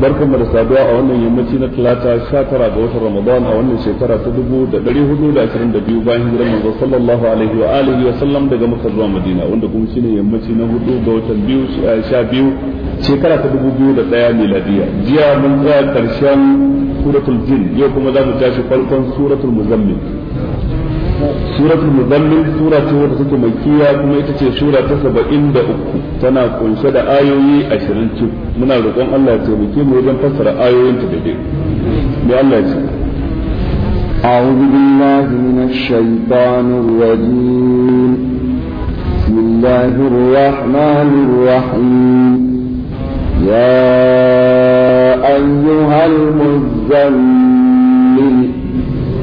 barkanmu da saduwa a wannan yammaci na talata sha tara ga watan ramadan a wannan shekara ta dubu da ɗari hudu da ashirin da biyu bayan hijirar manzo sallallahu alaihi wa alihi wa sallam daga makka zuwa madina wanda kuma shine yammaci na hudu ga watan biyu sha biyu shekara ta dubu biyu da ɗaya miladiya jiya mun tsaya karshen suratul jin yau kuma za mu tashi farkon suratul muzammil suratul muzammil sura ce wadda take makkiya kuma ita ce sura ta 73 tana kunshe da ayoyi 20 cik muna roƙon Allah ya taimake mu wajen fassara ayoyin ta daidai أعوذ بالله من الشيطان الرجيم بسم الله الرحمن الرحيم يا أيها المزمل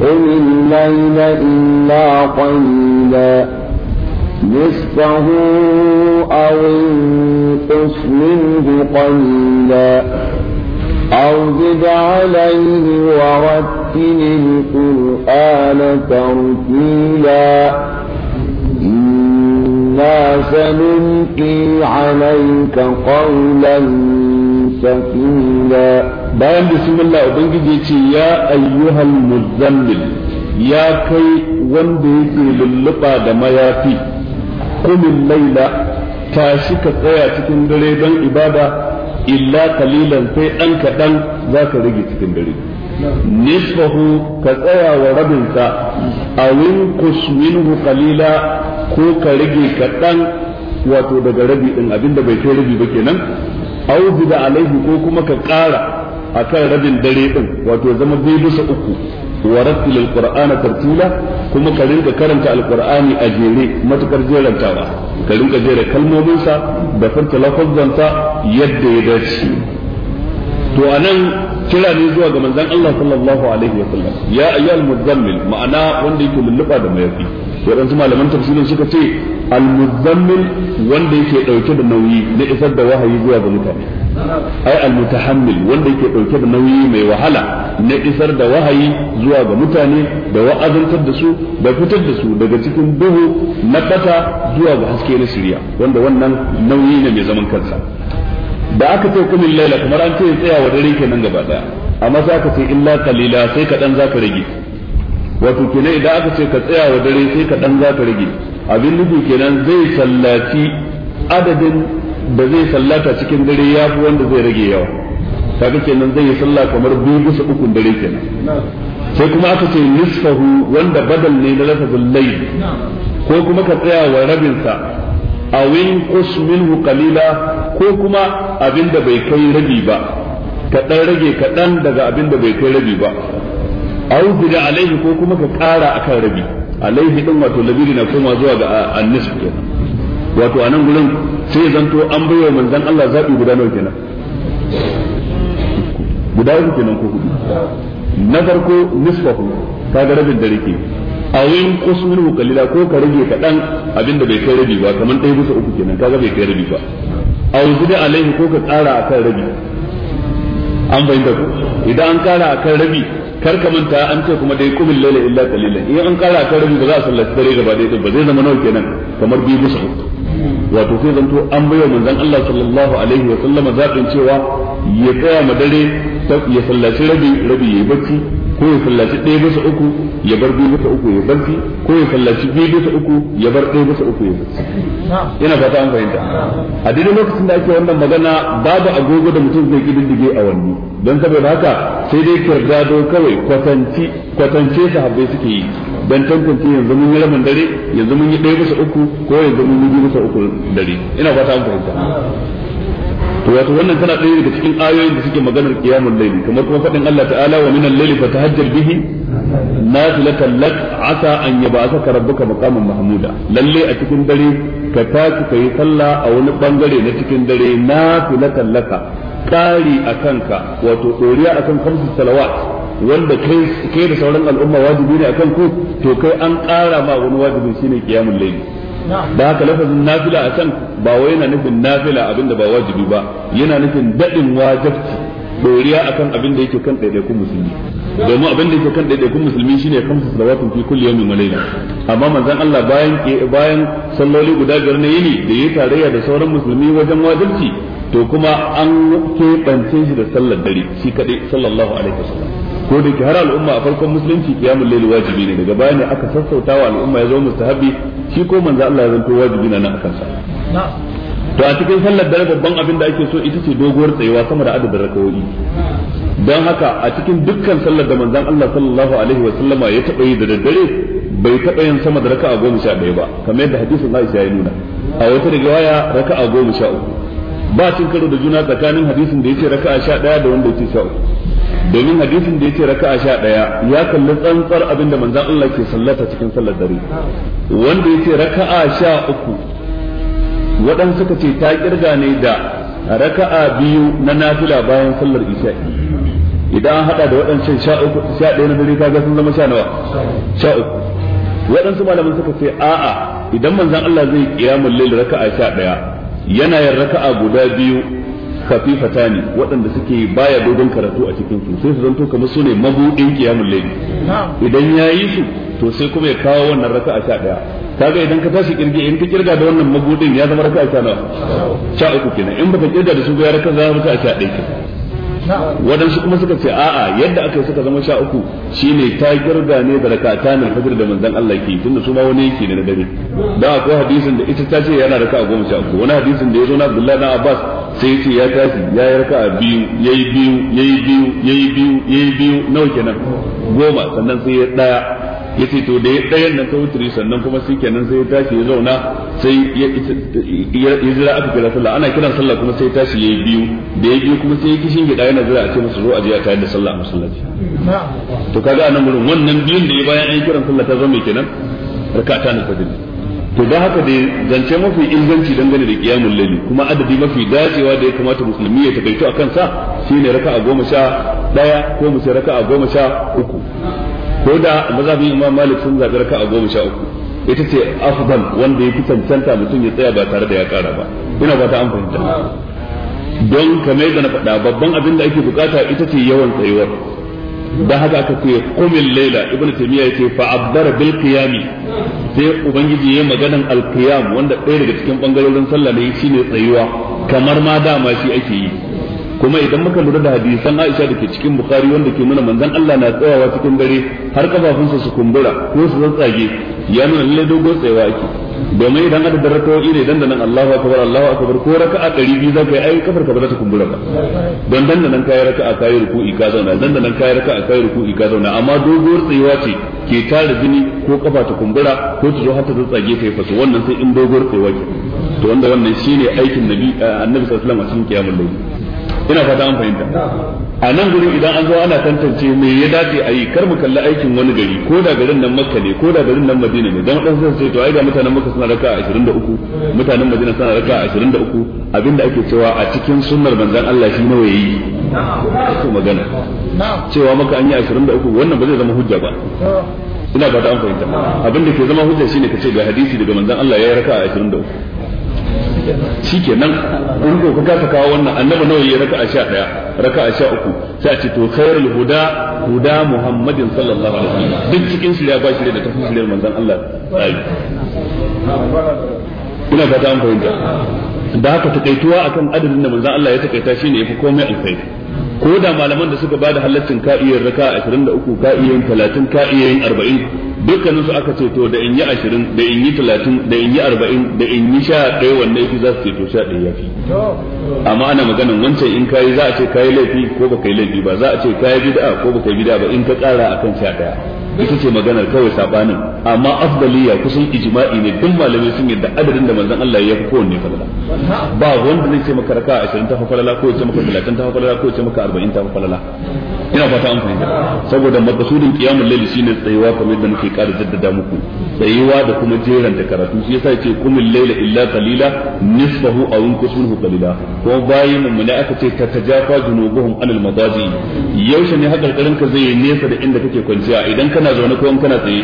قل الليل إلا قليلا نصفه أو انقص منه قليلا أو زد عليه ورتل القرآن ترتيلا إنا سنلقي عليك قولا bayan bismillah ubangiji yace ya ayyuhal muzammil ya kai wanda yake lulluba da mayafi kumin laila tashi ka tsaya cikin dare don ibada illa kalilan sai ɗan kaɗan zaka rage cikin dare nisfahu ka tsaya wa rabinsa a winkus minhu kalila ko ka rage kaɗan wato daga rabi ɗin abinda bai kai rabi ba kenan au da alaihi ko kuma ka ƙara akan rabin dare ɗin wato zama biyu bisa uku wa rattil alqur'ana tartila kuma ka rinka karanta alqur'ani a jere matukar jerantawa ka rinka jera kalmominsa da furta sa yadda ya dace to anan kira ne zuwa ga manzon Allah sallallahu alaihi wa sallam ya ayyuhal muzammil ma'ana wanda yake lulluba da mayafi wadansu malaman tafsirin suka ce al wanda yake dauke da nauyi na isar da wahayi zuwa ga mutane ai al wanda yake dauke da nauyi mai wahala na isar da wahayi zuwa ga mutane da wa'azantar da su da fitar da su daga cikin duhu na bata zuwa ga haske na shirya wanda wannan nauyi ne mai zaman kansa da aka ce kumin laila kamar an ce tsaya wa dare kenan gaba daya amma za ka ce illa qalila sai ka dan zaka rage wato kenan idan aka ce ka tsaya wa dare sai ka dan za ka rage abin nufi kenan zai sallaci adadin da zai sallata cikin dare ya fi wanda zai rage yawa kaga kenan zai yi sallah kamar biyu bisa ukun dare kenan sai kuma aka ce nisfahu wanda badal ne na lafazin laifi. ko kuma ka tsaya wa rabinsa awin qus Kusmin hukalila ko kuma abinda bai kai rabi ba ka dan rage kaɗan daga abinda bai kai rabi ba au guda alaihi ko kuma ka kara akan rabi alaihi din wato labiri na koma zuwa ga annis kenan wato anan gurin sai zanto an baiwa manzon Allah zabi guda nawa kenan guda uku kenan ko hudu na farko nisfahu kaga rabin da rike a yin kusminu kalila ko ka rage kaɗan abinda bai kai rabi ba kamar ɗaya bisa uku kenan kaga bai kai rabi ba a yanzu da alaihi ko ka ƙara akan rabi an fahimta ko idan an ƙara akan rabi kar ka manta an ce kuma dai kumin layla illa qalilan in an kara ta rubu ba za a sallaci dare gaba ɗaya ba zai zama nawa kenan kamar biyu bisa uku wato sai zanto an bayyana manzon Allah sallallahu alaihi wa sallama zaɓin cewa ya tsaya ma dare ya sallaci rabi rabi yayi bacci ko ya sallaci ɗaya bisa uku ya bar biyu bisa uku ya barci ko ya sallaci biyu bisa uku ya bar ɗaya bisa uku ya barci yana fata an fahimta a daidai lokacin da ake wannan magana babu agogo da mutum zai kididdige a wanni don saboda haka sai dai gado kawai kwatance kwatance sahabbai suke yi don tantance yanzu mun yi rabin dare yanzu mun yi ɗaya bisa uku ko yanzu mun yi biyu bisa uku dare ina fata an fahimta to wato wannan tana ɗaya daga cikin ayoyin da suke maganar qiyamul layli kamar kuma faɗin Allah ta'ala wa minal ta hajjar bihi nafilatan lak asa an yab'athaka rabbuka maqaman mahmuda lalle a cikin dare ka tashi ka yi sallah a wani bangare na cikin dare nafilatan laka kari a kanka wato doriya kan kamsu salawat wanda kai kai da sauran al'umma wajibi ne akan ku to kai an ƙara ma wani wajibi shine qiyamul layli da haka lafazin nafila a can ba wai yana nufin nafila abinda ba wajibi ba yana nufin dadin wajibci doriya akan abin da yake kan ɗaiɗaikun musulmi domin abin da yake kan ɗaiɗaikun musulmi shine kamsa salawatun fi kulli yawmin wa amma manzon Allah bayan salloli guda biyar na yini da yayi tarayya da sauran musulmi wajen wajibci to kuma an keɓance shi da sallar dare shi kaɗai sallallahu alaihi wasallam ko da ke har al'umma a farkon musulunci kiyamul layl wajibi ne daga baya ne aka sassauta wa al'umma ya zo mustahabi shi ko manzo Allah ya zanto wajibi na akan sa to a cikin sallar dare babban abin da ake so ita ce doguwar tsayuwa sama da adadin rakawoyi don haka a cikin dukkan sallar da manzon Allah sallallahu alaihi wa sallama ya taɓa yi da daddare bai taba yin sama da raka'a goma sha ɗaya ba kamar yadda hadisin Aisha ya nuna a wata riwaya raka'a goma sha uku ba cin karo da juna tsakanin hadisin da yace raka'a sha daya da wanda yace sa'u domin hadisin da yace raka'a sha daya ya kalli tsantsar abinda manzon Allah ke sallata cikin sallar dare wanda yace raka'a sha uku, waɗansu suka ce ta kirga ne da raka'a biyu na nafila bayan sallar isha'i idan an hada da waɗancan sha uku sha ɗaya na dare kaga sun zama sha nawa sha uku waɗansu malaman suka ce a'a idan manzon Allah zai kiyamul lail raka'a sha ɗaya yana yin raka'a guda biyu kafifata ne waɗanda suke baya dogon karatu a cikin su sai su zanto kamar su ne mabudin kiyamul layli idan yayi su to sai kuma ya kawo wannan raka'a sha daya kaga idan ka tashi kirge in ka kirga da wannan mabudin ya zama raka'a sha nawa sha uku kenan in baka kirga da su ba ya raka'a za ta sha daya waɗansu kuma suka ce a'a yadda aka suka zama sha uku shi ne ta kirga ne da ta ta fajr da manzan Allah ke tunda su ma wani yake ne na dare don akwai hadisin da ita ta ce yana raka goma sha uku wani hadisin da ya zo na Abdullahi na Abbas sai ya ce ya tashi ya yi raka biyu ya yi biyu ya yi biyu yi biyu biyu nawa kenan goma sannan sai ya daya ya ce to da ya ɗayan nan ta wuturi sannan kuma shi kenan sai ya tashi ya zauna sai ya zira aka kira sallah ana kiran sallah kuma sai ya tashi ya yi biyu da ya biyu kuma sai ya kishin gida yana zira a ce masa zo a je a tayar da sallah a masallaci to kaga a nan wurin wannan biyun da ya bayan an kiran sallah ta zama kenan rakata na fajr to da haka dai zance mafi inganci dangane da qiyamul layli kuma adadi mafi dacewa da ya kamata musulmi ya takaito akan sa shine raka'a goma sha daya ko mu raka raka'a goma sha uku ko da mazhabin imam malik sun zabi a goma sha uku ita ce afdal wanda ya fi cancanta mutum ya tsaya ba tare da ya kara ba ina ba an fahimta don kamar da na faɗa babban abin da ake bukata ita ce yawan tsayuwar da haka aka ce kumin laila ibnu taymiya ya ce abbara bil qiyami sai ubangiji ya maganan al wanda ɗaya daga cikin bangarorin sallah ne shine tsayuwa kamar ma dama shi ake yi kuma idan muka lura da hadisan Aisha da ke cikin Bukhari wanda ke nuna manzon Allah na tsayawa cikin dare har kafafunsa su kumbura ko su zantsage ya nuna lalle dogo tsayawa ake domin idan aka dara rakawoyi ire dan nan Allahu akbar Allahu akbar ko raka'a 100 za ka yi ai kafar ka ba za ta kumbura ba don dan nan kai raka'a kai ruku'i ka zauna dan nan kai raka'a kai ruku'i ka zauna amma dogo tsayawa ce ke tare jini ko kafa ta kumbura ko ta zo har ta zantsage kai fa wannan sai in dogo tsayawa ke to wanda wannan shine aikin nabi eh, annabi sallallahu alaihi wasallam a cikin kiyamul layl ina fata an fahimta a nan gurin idan an zo ana tantance me ya dace a yi kar mu kalli aikin wani gari ko da garin nan makka ne ko da garin nan madina ne dan dan sai to ai da mutanen makka suna raka 23 mutanen madina suna raka 23 abinda ake cewa a cikin sunnar manzon Allah shi nawa yayi ko magana cewa maka an yi 23 wannan ba zai zama hujja ba ina ba an fahimta abinda ke zama hujja shine ka ce ga hadisi daga manzon Allah ya raka 23 nan in ko ka kasa kawo wannan annabi nawa yayi raka a sha uku sai a ce to khairul huda huda muhammadin sallallahu alaihi wasallam duk cikin su ya bashi da tafi shirye manzon Allah ayi ina fata an fahimta da haka takaituwa akan adadin da manzon Allah ya takaita shine yafi komai alfai. ko da malaman da suka bada halaccin ka'iyar iya raka 23 ka iya 30 ka 40 dukkanin su aka ce to da in yi 20 da in yi 30 da in yi 40 da in yi 11 wanda yake za su ce to 11 amma ana maganan wancan in kai za a ce kayi laifi ko baka yi laifi ba za a ce kayi bid'a ko baka yi bid'a ba in ka kara akan 11 ita ce maganar kawai sabanin amma afdaliya kusan ijma'i ne duk malamai sun yadda adadin da manzon Allah ya fi kowanne falala ba wanda zai ce maka raka 20 ta falala ko ya ce maka 30 ta falala ko ya ce maka 40 ta falala ina fata an fahimta saboda makasudin kiyamul layl shine tsayuwa kamar yadda muke ƙara jaddada muku tsayuwa da kuma jeranta karatu shi yasa yace kumul layla illa qalila nisfahu aw inqus qalila ko bayin mun ne aka ce ta tajafa junubuhum anil madaji yaushe ne hakarkarin ka zai nesa da inda kake kwanciya idan kana zaune ko kana tsaye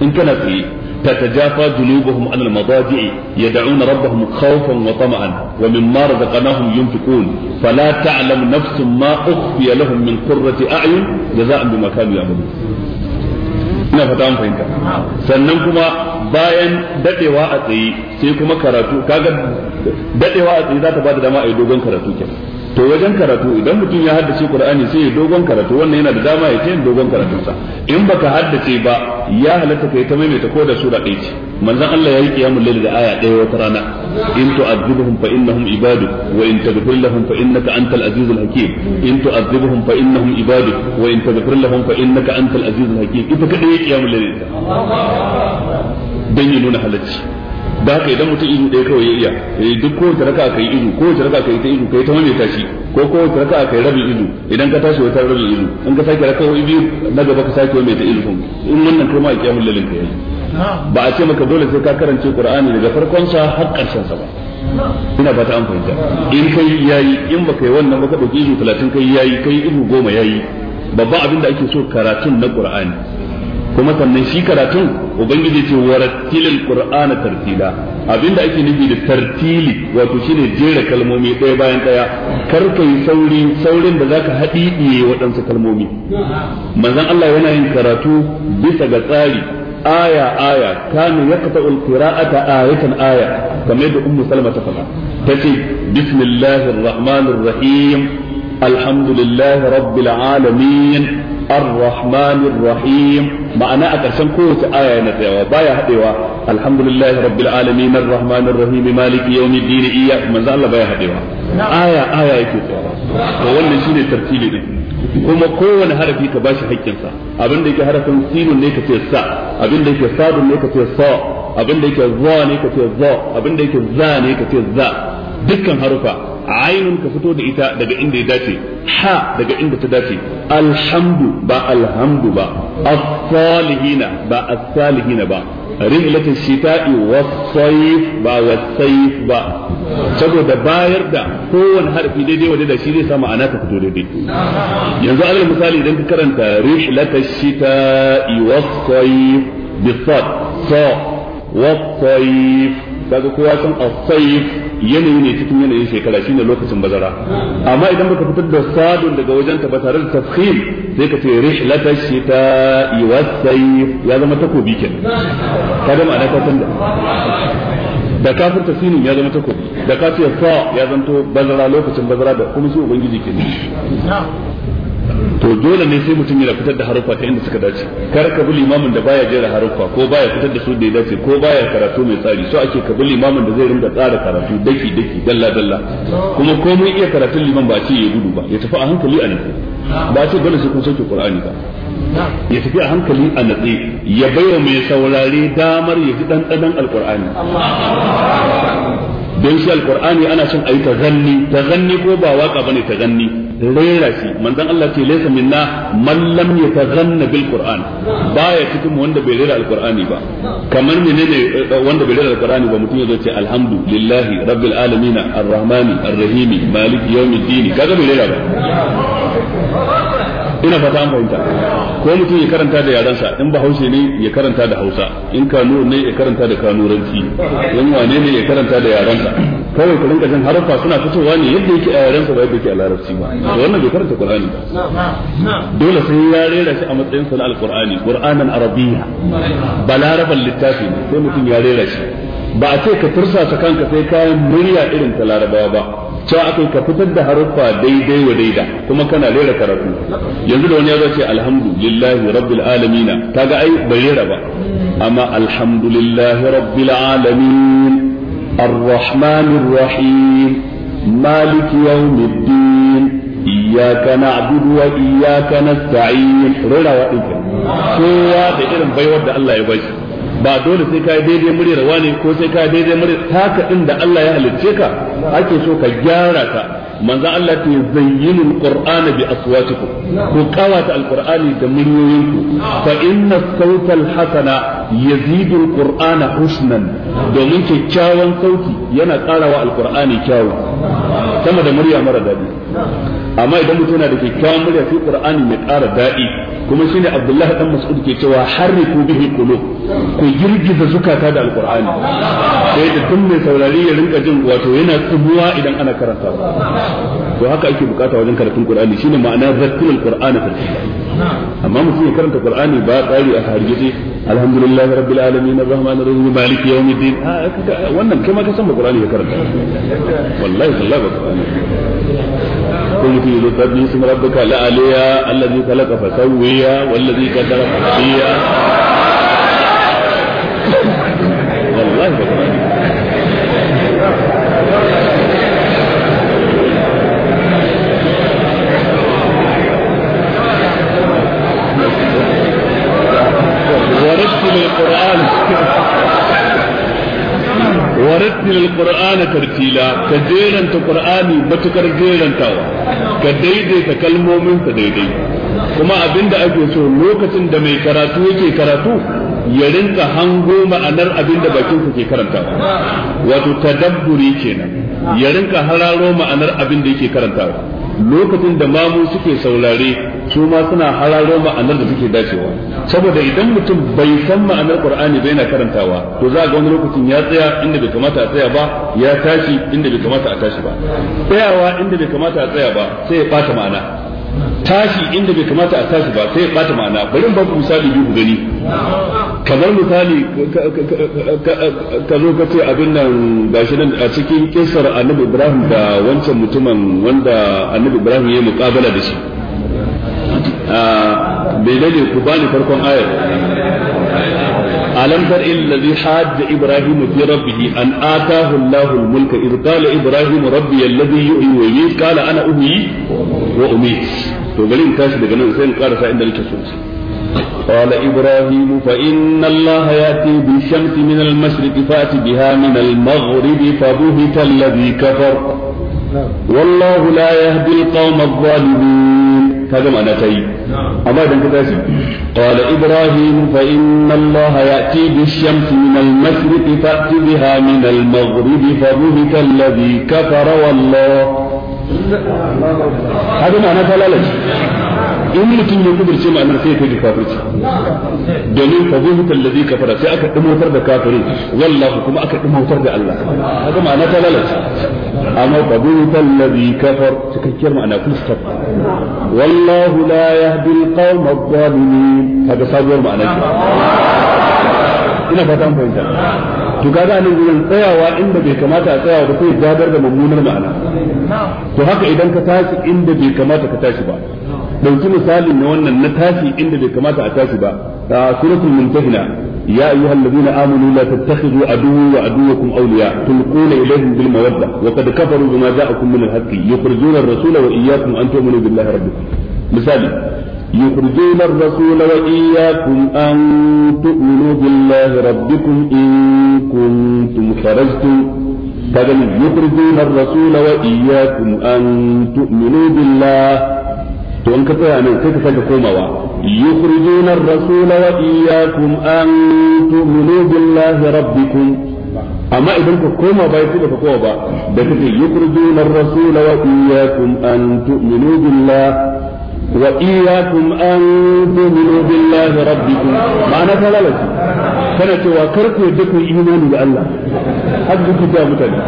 in kana tsaye تتجافى جنوبهم عن المضاجع يدعون ربهم خوفا وطمعا ومما رزقناهم ينفقون فلا تعلم نفس ما أخفي لهم من قرة أعين جزاء بما كانوا يعملون ina fata an fahimta sannan kuma bayan dadewa a tsaye sai kuma karatu kaga dadewa a tsaye za ta bada dama a yi dogon karatu kenan to wajen karatu idan mutum ya haddace qur'ani sai ya dogon karatu wannan yana da dama ya ce yin dogon karatunsa in baka haddace ba ya halatta kai ta maimaita ko da sura ɗaya ce manzon Allah yayi qiyamul layl da aya ɗaya wata rana in tu'adhibuhum fa innahum ibadu wa in taghfir lahum fa innaka antal azizul hakim in tu'adhibuhum fa innahum ibadu wa in taghfir lahum fa innaka antal azizul hakim ita kadai qiyamul layl dan ya nuna halacci da haka idan mutum izu ɗaya kawai ya iya eh, duk ko ta raka kai izu ko ta raka kai ta izu kai ta mai tashi ko ko ta raka kai rabin izu idan ka tashi wata rabin izu in ka sake raka wani biyu na gaba ka sake mai ta izu kun in wannan kai ma a kiyamul lalin ka yi ba a ce maka dole sai ka karance qur'ani daga farkon sa har karshen sa ba ina fata an fahimta in kai yayi in baka yi wannan baka dauki ya 30 kai yayi kai goma 10 yayi babban abin da ake so karatun na qur'ani kuma sannan shi karatun ubangiji ce warattilil qur'ana tartila abinda ake nufi da tartili wato shine jera kalmomi ɗaya bayan ɗaya kar ka yi sauri saurin da zaka haɗi ɗiye waɗansu kalmomi manzon Allah yana yin karatu bisa ga tsari aya aya kana yaqta'ul qira'ata ayatan aya kamar yadda ummu salma ta faɗa tace bismillahir rahmanir rahim alhamdulillahi rabbil alamin ar-rahmanir rahim ma'ana a karshen kowace aya yana tsayawa baya hadewa alhamdulillahi rabbil alamin ar-rahmanir rahim maliki yawmiddin iya manzo Allah baya hadewa aya aya yake tsayawa to shine din kuma kowane harafi ka bashi haƙƙinsa abin da yake harafin sinun ne ka ce sa abin da yake sadun ne ka ce sa abin da yake za ne ka ce za abin da yake za ne ka ce za dukkan harufa ainun ka fito da ita daga inda ya dace ha daga inda ta dace alhamdu ba alhamdu ba as-salihina ba as-salihina ba rihlatu shita'i was-sayf ba was-sayf ba saboda bayar da kowane harfi daidai wanda da shi zai sa ma'ana ta fito daidai yanzu alal misali idan ka karanta rihlatu shita'i was-sayf bi-sad sa was-sayf kaga kowa san as-sayf yanayi ne cikin yanayin shekara shine lokacin bazara amma idan baka fitar da sadun daga wajen ta ba tare da tafkhim sai ka ce rihlata shita wa sayf ya zama takobi kenan ka ga ma'ana ka san da da kafin tasinin ya zama takobi da kafin sa ya zanto bazara lokacin bazara da kuma shi ubangiji kenan to dole ne sai mutum yana fitar da haruffa ta inda suka dace kar ka bi limamin da baya jera haruffa ko baya fitar da su da ya dace ko baya karatu mai tsari so ake ka bi limamin da zai rinka tsara karatu daki daki dalla dalla kuma komai iya karatun liman ba ce ya gudu ba ya tafi a hankali a nan ba ce dole sai kun sauke qur'ani ba ya tafi a hankali a natsi ya baiwa mai saurare damar ya ji ɗanɗanon alƙur'ani don shi alƙur'ani ana son a yi ta zanni ta ganni ko ba waka bane ta zanni. rera shi manzon Allah ce laysa minna man lam yatazanna bil qur'an baya cikin wanda bai rera alqur'ani ba kamar menene eh, wanda bai rera alqur'ani ba mutum yazo ce alhamdulillahi rabbil alamin arrahmani arrahimi maliki yawmiddin kaga bai rera ba ina fata an fahimta ko mutum ya karanta da yarensa in bahaushe ne ya karanta da hausa in kano ne ya karanta da kanuranci in wane ne ya karanta da yarensa kawai ku rinka jin harfa suna fitowa ne yadda yake a yarensa ba yadda yake a larabci ba to wannan bai karanta qur'ani ba dole sai ya rera shi a matsayin sa na alqur'ani qur'anan arabiyya balaraban littafi ne sai mutum ya rera shi ba a ce ka tursasa kanka sai kayan murya irin ta larabawa ba cewa aka ka fitar da haruffa daidai wa daida kuma kana rera karatu yanzu da wani ya ce alhamdulillahi rabbil alamin kaga ai ba rera ba amma alhamdulillahi rabbil alamin arrahmanir rahim maliki yawmiddin iyyaka na'budu wa iyyaka nasta'in rera wa dinka kowa da irin baiwar da Allah ya bashi ba dole sai ka yi daidai muryar ne ko sai ka daidai muryar taka inda da Allah ya halicce ka ake so ka gyara ta manzo Allah ta zayyinu alqur'ana bi aswatikum ku qawata alqur'ani da muryoyinku fa inna sawta alhasana yazidu alqur'ana husnan domin kyakkyawan sauti yana karawa alqur'ani kyawu sama da murya mara dadi amma idan mutum yana da kyakkyawan murya sai qur'ani mai kara dadi kuma shine Abdullahi dan Mas'ud ke cewa harriku bihi qulub ku girgiza zukata da alqur'ani sai da duk mai saurari ya rinka jin wato yana tsubuwa idan ana karanta to haka ake bukata wajen karatun qur'ani shine ma'ana zakkul qur'ani fil amma mutum ya karanta qur'ani ba tsari a hargitsi alhamdulillahi rabbil alamin arrahmanir rahim maliki yawmiddin wannan kai ma ka san qur'ani ya karanta wallahi wallahi qur'ani قلت لقد اسم ربك لعليا الذي خلق فسويا والذي قدر فهديا rattilil qur'ana tartila ka jeranta qur'ani matukar jerantawa ka daidaita kalmomin sa daidai kuma abinda ake so lokacin da mai karatu yake karatu ya rinka hango ma'anar abinda bakin sa ke karantawa wato tadabburi kenan ya rinka hararo ma'anar abinda yake karantawa lokacin da mamu suke saurare su ma suna hararo ma'anar da suke dacewa saboda idan mutum bai san ma'anar qur'ani bai yana karantawa to za ga wani lokacin ya tsaya inda bai kamata a tsaya ba ya tashi inda bai kamata a tashi ba tsayawa inda bai kamata a tsaya ba sai ya bata ma'ana tashi inda bai kamata a tashi ba sai ya bata ma'ana bari in baku misali biyu ku gani kamar misali ka zo ka ce abin nan gashi nan a cikin kisar annabi ibrahim da wancan mutumin wanda annabi ibrahim ya mukabala da shi آه، بدليل كباني فرقون آية ألم تر إلا الذي حاج إبراهيم في ربه أن آتاه الله الملك إذ قال إبراهيم ربي الذي يؤي ويميت قال أنا أهي وأميت تقولين كاش بجنة سين قال فإن الكسوس قال إبراهيم فإن الله يأتي بالشمس من المشرق فأتي بها من المغرب فبهت الذي كفر والله لا يهدي القوم الظالمين kaga ma'ana ta yi amma idan ka tashi qala ibrahim fa inna allah ya'ti bi shamsi min al mashriq fa'ti biha min al maghrib fa buhita alladhi kafara wallah hada ma'ana ta lalace in mutum ya kudurce ma'anar sai ya kai kafirci domin fa zuhita allazi kafara sai aka dumotar da kafirin wallahi kuma aka dumotar da Allah kaga ma'ana ta lalace amma fa zuhita allazi kafar cikakkiyar ma'ana kun stop wallahu la yahdi alqawm adh-dhalimin kaga sabuwar ma'ana ina fatan an fahimta to kaga nan gurin tsayawa inda bai kamata a tsaya ba sai gadar da mummunar ma'ana to haka idan ka tashi inda bai kamata ka tashi ba dauki misalin na wannan na tashi inda bai kamata a tashi ba a suratul muntahina ya ayyuha alladhina amanu la tattakhidhu aduwwa wa aduwwakum awliya tulquna ilayhim bil mawadda wa qad kafaru bima ja'akum min al haqqi yukhrijuna ar-rasula wa iyyakum an tu'minu billahi rabbikum misali yukhrijuna ar-rasula يخرجون الرسول وإياكم أن تؤمنوا بالله ربكم إن كنتم خرجتم كذلك rasula wa iyyakum an tu'minu billahi to in ka tsaya nan sai ka sake komawa yukhrijuna ar-rasula wa iyyakum an tu'minu billahi rabbikum amma idan ka koma bai sai ka koma ba da kake yukhrijuna ar-rasula wa iyyakum an tu'minu billahi وإياكم أن تؤمنوا بالله ربكم معنى ثلاثة kana cewa kar ku yadda ku imani da Allah har duk da mutane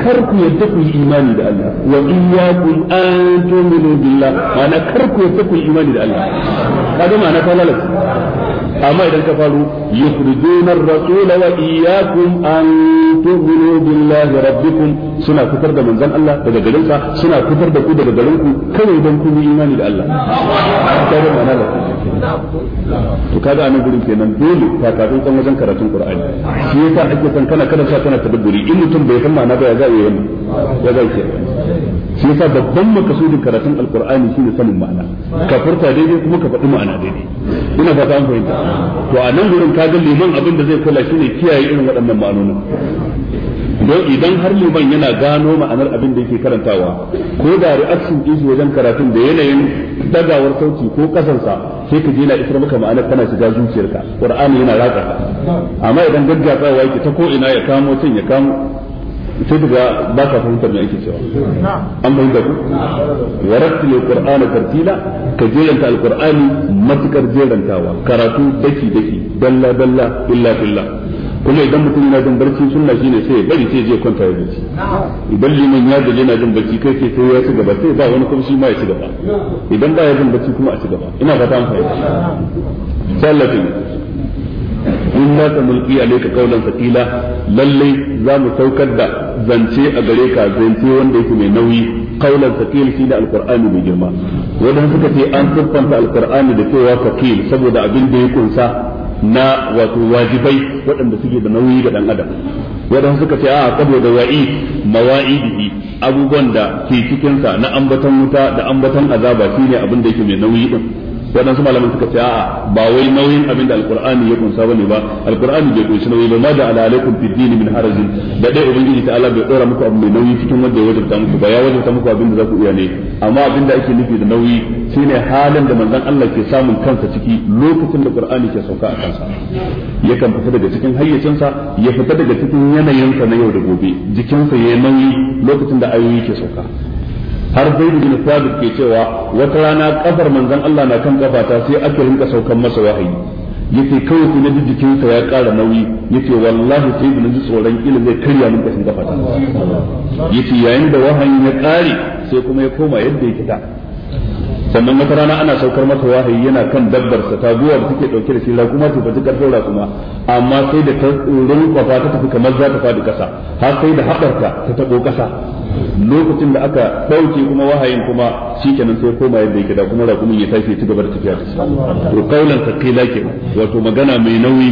kar ku yadda ku imani Allah wa iyyakum an tu'minu billah ma'ana kar ku yadda ku imani da Allah kaga ma'ana ta lalace amma idan ka faru yukhrijuna ar-rasul wa iyyakum an tu'minu billahi rabbikum suna fitar da manzon Allah daga garin sa suna fitar da ku daga garin ku kai dan ku yi imani da Allah kaga ma'ana da to kaga anan gurin kenan dole ka kafin kan wajen karatun Qur'ani shi yasa ake san kana kada sa kana tadabburi in mutum bai san ma'ana ba ya za ya yi ya zai kenan shi yasa babban makasudin karatun alkur'ani shine sanin ma'ana ka furta daidai kuma ka faɗi ma'ana daidai ina fata an fahimta to a nan wurin ka ga liman abin da zai kula shine kiyaye irin waɗannan ma'anonin don idan har liman yana gano ma'anar abin da yake karantawa ko da reaction din shi wajen karatun da yanayin dagawar sauti ko kasansa sai ka je na isar maka ma'anar kana shiga zuciyarka qur'ani yana ratsa amma idan gaggawa yake ta ko ina ya kamo can ya kamo sai daga ba ka fahimtar me ake cewa an fahimta ku waratti ne qur'ana tartila ka jeranta alqur'ani matukar jerantawa karatu daki daki dalla dalla illa billah kuma idan mutum yana jin barci sunna shine sai ya bari sai je kwanta ya barci idan liman ya gaji yana jin barci kai sai sai ya ci gaba sai ba wani kuma shi ma ya ci gaba idan ba ya jin barci kuma a ci gaba ina fata an fahimta sallatin inna samulqi alayka qawlan thaqila lalle za mu saukar da zance a gare ka zance wanda yake mai nauyi qawlan thaqil shi da alqur'ani mai girma wanda suka ce an siffanta alqur'ani da cewa thaqil saboda abin da ya kunsa na wato wajibai waɗanda suke da nauyi ga dan adam wadanda suka ce a saboda wa'i mawa'idihi abubuwan da ke cikinsa na ambatan wuta da ambatan azaba shine abin da yake mai nauyi din waɗansu malaman suka ce a'a ba wai nauyin abin da alkur'ani ya kunsa bane ba al'ƙur'ani bai kunshi nauyi ba ma da ala alaikum fid min harajin da dai ubangiji ta ala bai dora muku abu mai nauyi cikin wanda ya wajabta muku ba ya wajabta muku abin da za ku iya ne amma abin da ake nufi da nauyi shine halin da manzon Allah ke samun kansa ciki lokacin da qur'ani ke sauka a kansa yakan fita daga cikin hayyacinsa ya fita daga cikin yanayinsa na yau da gobe jikinsa ya nauyi lokacin da ayoyi ke sauka har da bin sabit ke cewa wata rana kafar manzon Allah na kan kafata sai ake rinka saukan masa wahayi yace kawai ku na jikinsa ya kara nauyi yace wallahi sai na ji tsoron kila zai karya min kashin kafata yace yayin da wahayi ya kare sai kuma ya koma yadda yake da sannan wata rana ana saukar masa wahayi yana kan dabbar sa zuwa da take dauke da shi la kuma tafi tukar daura kuma amma sai da ta rinka ta tafi kamar za ta fadi kasa har sai da haɓarta ta taɓo kasa lokacin da aka dauke kuma wahayin kuma shi kenan sai koma yadda yake da kuma rakumin ya tafi ci gaba da tafiya da shi to ke wato magana mai nauyi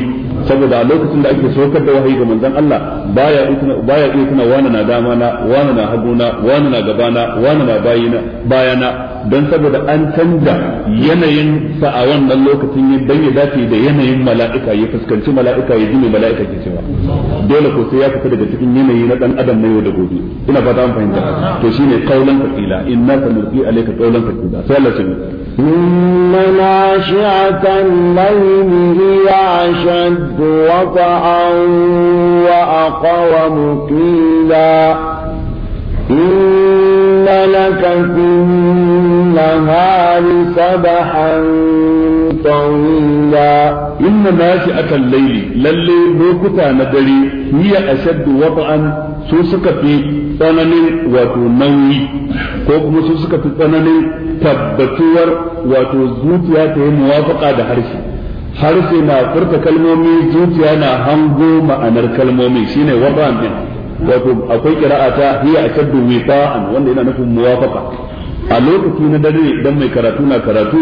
saboda a lokacin da ake saukar da wahayi ga manzon Allah baya iya baya iya wani na dama na wani na na wani na gabana wani na bayina bayana don saboda an canza yanayin sa a wannan lokacin ya dan ya dace da yanayin mala'ika ya fuskanci mala'ika ya jini mala'ika ke cewa dole ko sai ya fita daga cikin yanayi na dan adam na yau da gobe ina fata an fahimta to shine qaulan faqila inna sanurqi alayka qaulan faqila sai Allah ya ثم ناشعة الليل هي أشد وطئا وأقوم قيلا لك في النهار سبحا طويلا إن ناشئة الليل للي موكتا ندري هي أشد وطئا سوسك في tsananin wato nauyi ko kuma su suka fi tsananin tabbatuwar wato zuciya ta yi muwafaka da harshe harshe na furta kalmomi zuciya na hango ma'anar kalmomi shine waban din wato akwai kira'a ta hiya ashaddu fa'an wanda yana nufin muwafaqa a lokaci na dare don mai karatu na karatu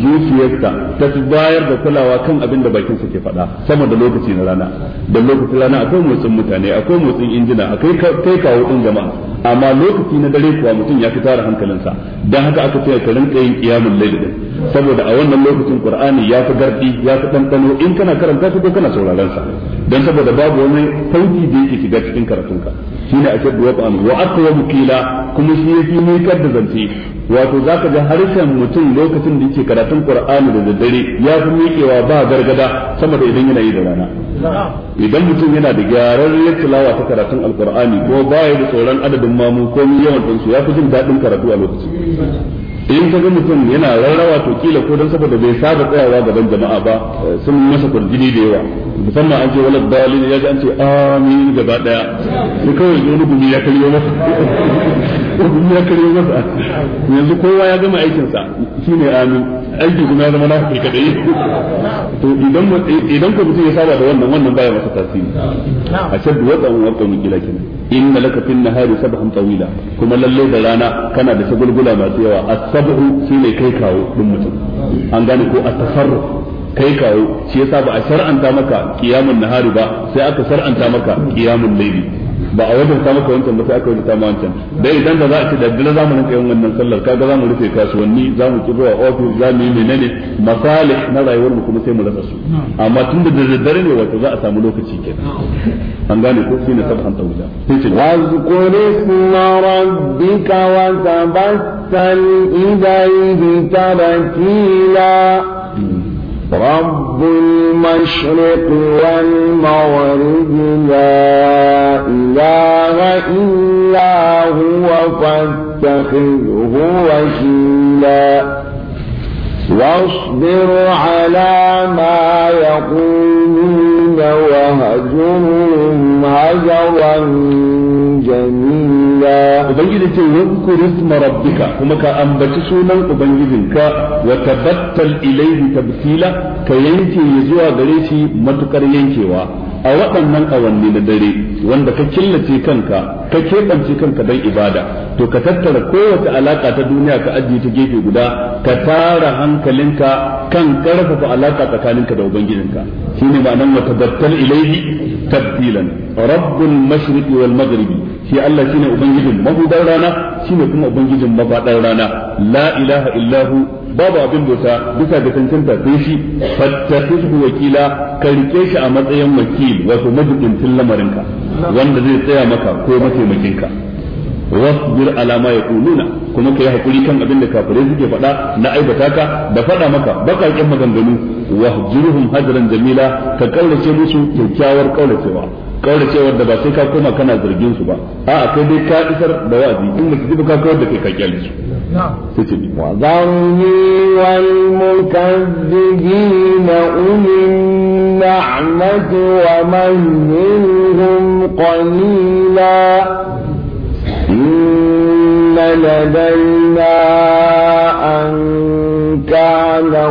zuciyarsa ta fi bayar da kulawa kan abin da bakinsa ke faɗa sama da lokaci na rana da lokaci rana akwai motsin mutane akwai motsin injina akwai kai kawo din jama'a amma lokaci na dare kuwa mutum ya fi tara hankalinsa dan haka aka ce ka rinka yin qiyamul layl saboda a wannan lokacin qur'ani ya fi gardi ya fi tantano in kana karanta shi ko kana sauraron sa dan saboda babu wani sauki da yake shiga cikin karatun ka shine ake duwa ba wa aqwa mukila kuma shi yake ne kar da zance wato zaka ga harshen mutum lokacin da yake karatun qur'ani da daddare ya fi miƙewa ba gargada sama da idan yana yi da rana idan mutum yana da gyaran tilawa ta karatun alqur'ani ko baya da tsoron adadin mamu ko yawan su ya fi jin daɗin karatu a lokacin in ka ga mutum yana rarrawa to kila ko dan saboda bai saba tsayawa gaban jama'a ba eh, sun masa kurjini da yawa musamman an ce wala dalil ya ji an ce amin gaba daya sai kawai zo gumi ya karyo masa gumi ya karyo masa yanzu kowa ya gama aikin sa shine amin aiki kuma ya zama na kai kadai to idan idan ka mutum ya saba da wannan wannan baya masa tasiri a shaddu wadan wadan kila in laka fin nahari sabhan tawila kuma lalle da rana kana da shagulgula masu yawa as-sabhu shine kai kawo din mutum an gane ko at-tasarruf kai kawo shi yasa ba a shar'anta maka qiyamul nahari ba sai aka shar'anta maka qiyamul layli ba a wajen samu ka wancan ba sai aka wajen ma wancan dai idan da za a ce da dila zamu rinka yin wannan sallar kaga mu rufe kasuwanni mu ki zuwa ofis zamu yi menene masalih na rayuwar mu kuma sai mu rasa su amma tun da daddare ne wato za a samu lokaci kenan an gane ko ne sabhan tawuja wazkur isma rabbika wa tabassal ilayhi tabtila رب المشرق والمغرب لا إله إلا هو فاتخذه وكيلا واصبر على ما يقولون وهجرهم هجرا جميلا الله ubangiji ce wadhkur isma rabbika kuma ka ambaci sunan ubangijin ubangijinka wa tabattal ta tabtila ka yanke zuwa gare shi matukar yankewa a waɗannan awanni na dare wanda ka killace kanka ka keɓance kanka don ibada to ka tattara kowace alaƙa ta duniya ka ajiye ta gefe guda ka tara hankalinka kan ƙarfafa alaƙa tsakaninka da ubangijinka shine ma'anar wata tabattal ilaihi tabtilan rabbul mashriqi wal maghribi shi Allah shine ubangijin mahudan rana shine kuma ubangijin mafaɗar rana la ilaha illahu babu abin bauta bisa da cancanta sai shi fattakhu wakila ka rike shi a matsayin wakil wato lamarin ka. wanda zai tsaya maka ko mataimakinka ka wasbir alama ya yaquluna kuma kai hakuri kan abin da kafirai suke faɗa na aibata ka da faɗa maka baƙaƙen maganganu wahjuruhum hajran jamila ka kaurace musu kyakkyawar kauracewa kauracewar da ba sai ka koma kana zargin su ba a kai dai ka isar da wa'azi in mutum ji ka kawar da kai ka kyale su sai ce bi wazarni wal mukazzibin ulil na'mati wa man minhum qalila inna ladaina an kana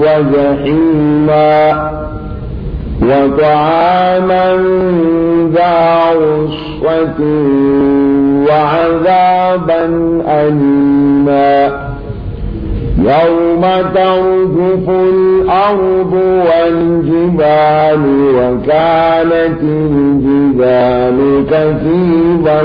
wa jahima وطعاما ذا عصوة وعذابا أليما يوم ترجف الأرض والجبال وكانت الجبال كثيبا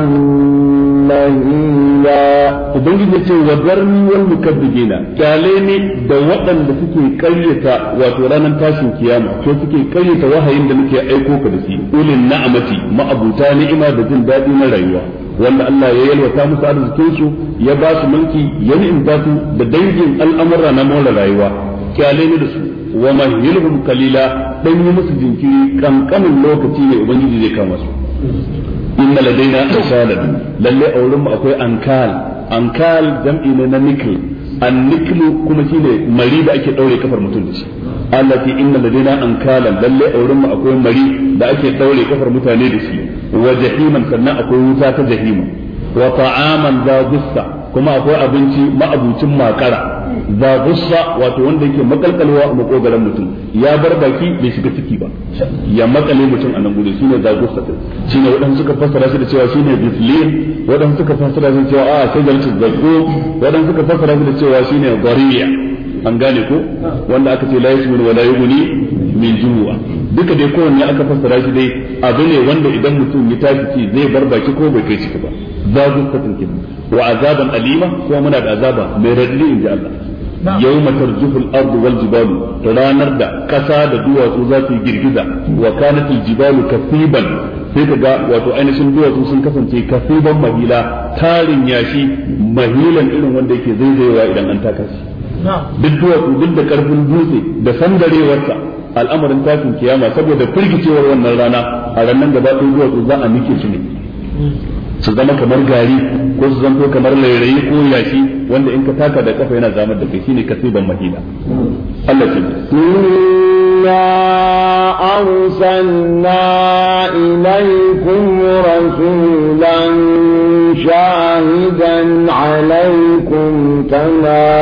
مهيلا وبنجد يتشي وذرني والمكذبين قاليني دوقا لسكي كريتا وترانا تاشو كياما سكي كريتا وهي عندما كي أيكوك بسي أولي النعمة ما أبو تاني إما بجن دادي مرأيوه wanda Allah ya yalwata musu arzikin su ya ba su mulki ya ni'imta su da dangin al'amura na more rayuwa kyale ne da su wa mahilhum Kalila dan yi musu jinkiri kankanin lokaci ne ubangiji zai kama su inna ladaina ansalan lalle a mu akwai ankal ankal jam'i ne na nikl an niklu kuma shine mari da ake daure kafar mutum da shi allati inna ladaina ankalan lalle a mu akwai mari da ake daure kafar mutane da shi wa jahiman sannan akwai wuta ta jahima wa ta'aman za gussa kuma akwai abinci ma ma'abucin makara za gussa wato wanda yake makalkalwa a makogaran mutum ya bar baki bai shiga ciki ba ya makale mutum a nan gudu shine za gussa din shine waɗansu suka fassara shi da cewa shine bislin waɗansu suka fassara shi da cewa a ah, sai garcin zakko waɗansu suka fassara shi da cewa shine gariya an gane ko wanda aka ce la yasmin wa la yughni mai juwa duka dai kowanne aka fassara shi dai abu ne wanda idan mutum ya tashi ci zai bar baki ko bai kai ciki ba zagu katin kin wa azaban alima kuma muna da azaba mai radi inji Allah yawma matar al-ardu wal jibalu ranar da kasa da duwatsu za su girgiza wa kanat al-jibalu kasiban sai ka ga wato ainihin duwatsu sun kasance kasiban mahila tarin yashi mahilan irin wanda yake zaizayewa idan an taka shi duk duwatsu duk da karfin dutse da sandarewarsa al'amarin tashin kiyama saboda firgicewar wannan rana a ranar gaba ɗaya duwatsu za a nike su ne su zama kamar gari ko su zanto kamar lairayi ko yashi wanda in ka taka da kafa yana zamar da kai shine kasiban mahina Allah ce إنا أرسلنا إليكم رسولا شاهدا عليكم كما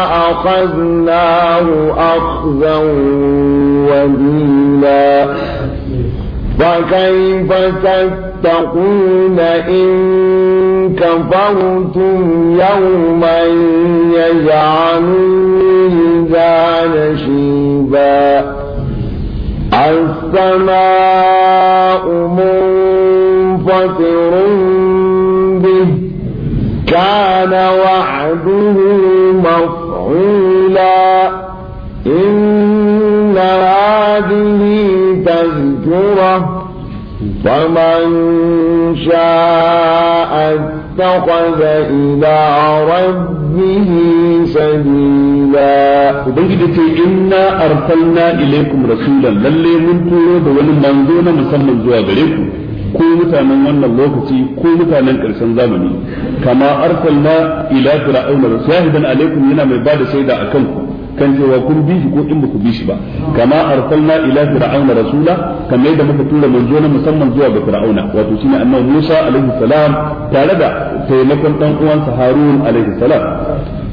أخذناه أخذا وبيلا فكيف تتقون إن كفرتم يوما يجعل الولدان شيبا السماء منفطر به كان وعده وقيلا إن هذه تذكرة فمن شاء اتخذ إلى ربه سبيلا وبنجد إنا أرسلنا إليكم رسولا للي من تورو دولي منزونا مسمى زوا ko mutanen wannan lokaci ko mutanen ƙarshen zamani kama arsalna ila fir'auna shahidan alaikum yana mai bada shaida akan ku kan cewa kun bi shi ko in ku bi shi ba kama arsalna ila fir'auna rasula kamar yadda muka tura manzo na musamman zuwa ga fir'auna wato shine annabi Musa alaihi salam tare da taimakon dan uwansa Harun alaihi salam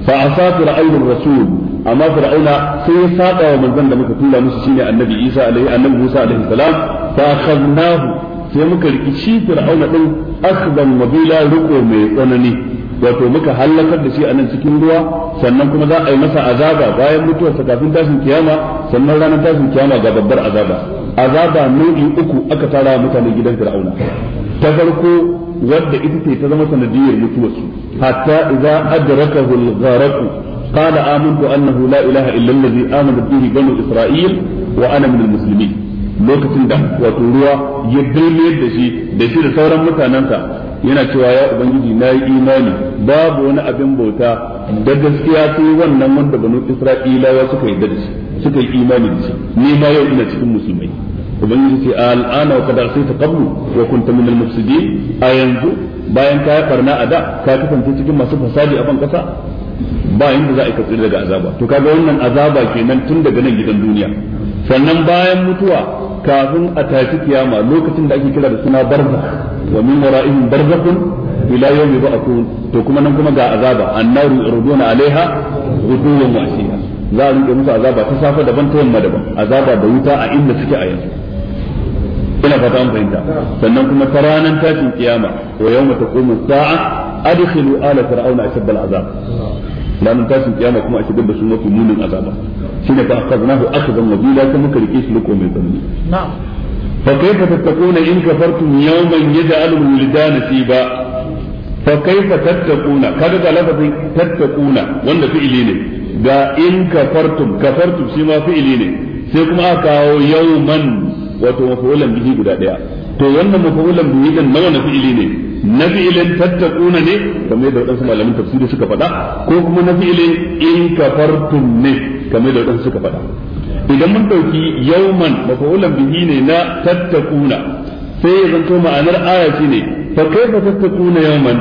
fa asa fir'auna rasul amma fir'auna sai ya saba wa manzon da muka tura musu shine annabi Isa alaihi annabi Musa alaihi salam fa akhadnahu sai muka rikici fir'auna din akhdan mabila riko mai tsanani wato muka halakar da shi a nan cikin ruwa sannan kuma za a yi masa azaba bayan mutuwarsa kafin tashin kiyama sannan ranar tashin kiyama ga babbar azaba azaba nau'i uku aka tara mutanen gidan fir'auna ta farko wadda ita ce ta zama sanadiyar mutuwarsu hatta idza adrakahu al-gharq qala amantu annahu la ilaha illa allazi amanat bihi banu isra'il wa ana min al-muslimin lokacin da wato ruwa ya dalmiyar da shi da shi da sauran mutanensa yana cewa ya ubangiji na yi imani babu wani abin bauta da gaskiya sai wannan wanda banu isra'ilawa suka yi da shi suka yi imani da shi ni ma yau ina cikin musulmai ubangiji sai al'ana wa kadar sai ta qablu wa kunta min al a yanzu bayan ka farna a da ka kasance cikin masu fasadi a ban kasa ba yanda za a yi katsiri daga azaba to kaga wannan azaba kenan tun daga nan gidan duniya sannan bayan mutuwa kafin a tafi kiyama lokacin da ake kira da suna barza wa min wara'ihim barzakhun ila yawmi ba'thun to kuma nan kuma ga azaba annaru yurduna alaiha ghuduwan wa ashiya za a rike musu azaba ta safa daban ta yamma daban azaba da wuta a inda suke a yanzu ina fata an fahimta sannan kuma ta ranar tashin kiyama wa yawma taqumu sa'a adkhilu ala fir'auna ashadda al'azab ranar tashin kiyama kuma a shigar da su mafi munin azaba shine su akhadnahu akhdan wabila kuma muka rike shi riko mai tsanani fa ka tattaquna in ka kafartum yawman yaj'alu al-wildana tiba fa kaifa tattaquna kaga da lafazin tattaquna wanda fi'ili ne ga in ka ka kafartum shi ma fi'ili ne sai kuma aka kawo yau man wato mafulan bihi guda daya to wannan mafulan bihi din na wani fi'ili ne na fi'ilin tattaquna ne kamar da wadansu malamin tafsiri suka faɗa ko kuma na fi'ilin in kafartum ne kamar da wadansu suka faɗa idan mun dauki yawman mafa'ulan bihi ne na tattaquna sai ya zanto ma'anar aya ne fa fa tattaquna yawman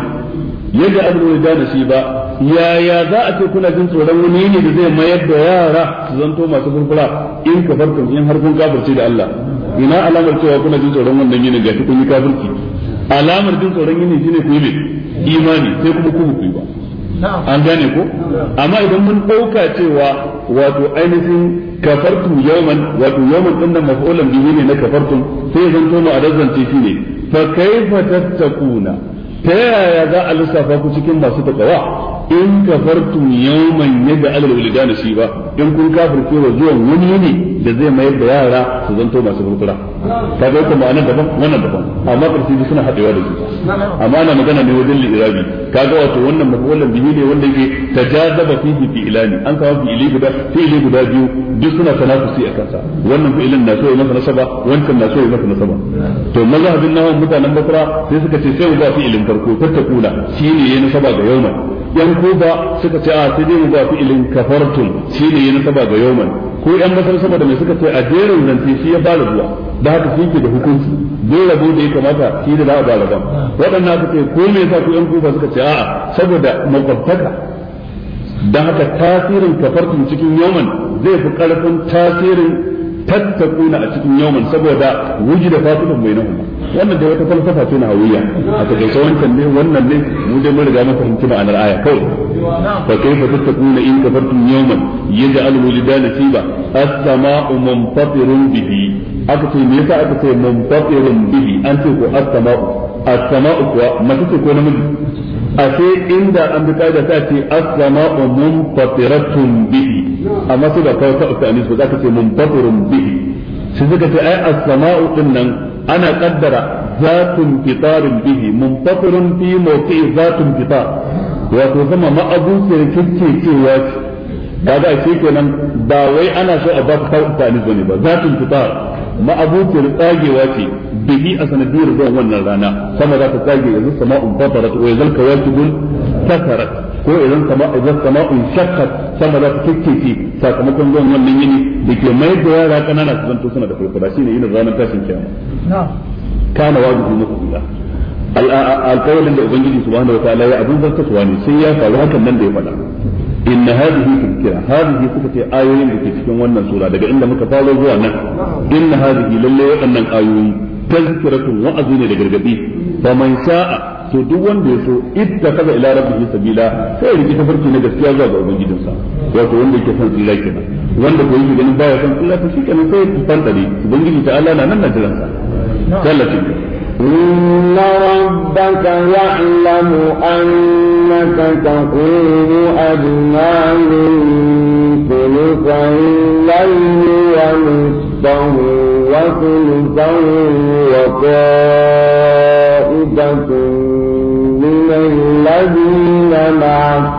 yadda abu da shi ba yaya za a ce kuna jin tsoron wani ne da zai mayar da yara su zanto masu furfura in kafartum in har kun kafirci da Allah ina alamar cewa kuna jin tsoron wannan yini ga kun yi kafirci alamar jin tsoron yini shine ku yi imani sai kuma ku ku ba an gane ko amma idan mun dauka cewa wato ainihin kafartu yawman wato yawman din nan maf'ulan bihi ne na kafartun, sai zanto mu adazzance shi ne fa kaifa tattakuna ta yaya za a lissafa ku cikin masu takawa in kafartum yawman da al-wildana shiba in kun kafirce wa zuwan wani ne da zai mayar da yara su zanto masu kurkura ta ga kuma anan daban wannan daban amma karshe suna hadewa da juna amma ana magana ne wajen lirabi kaga wato wannan maqawalan bihi ne wanda yake tajazaba fihi fi ilani an kawo fi ili guda fi ili guda biyu duk suna tanafusi a kansa wannan fi ilin na so ya masa nasaba wancan na so ya masa nasaba to mazhabin nawa mutanen basra sai suka ce sai ga fi ilin farko tattakuna shine ya nasaba ga yawman yan kuba suka ce a sai dai mu ba kafartun shi ne yana saba ga yawman ko yan masar saboda mai suka ce a jerin zance shi ya bada zuwa da haka shi ke da hukunci zai rabu da ya kamata shi da za a bada ban waɗannan suka ce ko me yasa ku yan kuba suka ce a'a saboda makwabtaka da haka tasirin kafartun cikin yawman zai fi karfin tasirin tattaquna a cikin yawman saboda da wujida fatidun bainahum wannan da wata falsafa ce na hawiya a takaice wancan ne wannan ne mu dai mun riga mun fahimci ma'anar aya kawai fa kayfa tattaquna in kafartum yawman yaj'al wulidana tiba as-sama'u munfatirun bihi aka ce me yasa aka ce munfatirun bihi an ce ko as-sama'u as-sama'u kuwa mace ce ko namiji a sai inda an bi kaida ta ce as-sama'u munfatiratun bihi amma sai ba kawo ta uku anis ba za ka ce mun baturun bihi sai suka ce ai as-sama'u din nan ana kaddara zatun fitarun bihi mun baturun fi mawqi'i zatun fitar wato zama ma'abuciyar kirke cewa ba da shi kenan ba wai ana so a ba ka kawo ta anis bane ba zatun fitar ma'abuciyar tsagewa ce bihi a sanadiyar zuwan wannan rana sama za ta tsage yanzu sama'un fatarat wa yazal kawakibun tasarat ko idan sama idan sama in shakka sama za ta kikkece sakamakon zuwan wannan yini da ke mai da yara kanana su zanto suna da kulkula shine yinin ranar tashin kiyama kana wajibi mukmina alƙawarin da ubangiji subhanahu wataala ya abin zartaswa ne sai ya faru hakan nan da ya faɗa inna hadhihi tadhkira hadhihi suka ce ayoyin da ke cikin wannan sura daga inda muka faro zuwa nan inna hadhihi lalle waɗannan ayoyi tazkiratun wa'azi ne da gargadi fa man sha'a to duk wanda ya so kaza ila rabbihi sabila sai ya riki tafarki na gaskiya zuwa ga ubangijinsa wato wanda yake son tsira kenan wanda ko yake ganin baya son tsira to shikenan sai ya fanta ne ubangiji ta Allah na nan na jiransa sallatin إن ربك يعلم أنك تقوم أدنى من ثلثي الليل ونصفه وثلثا وطائفة من الذين معك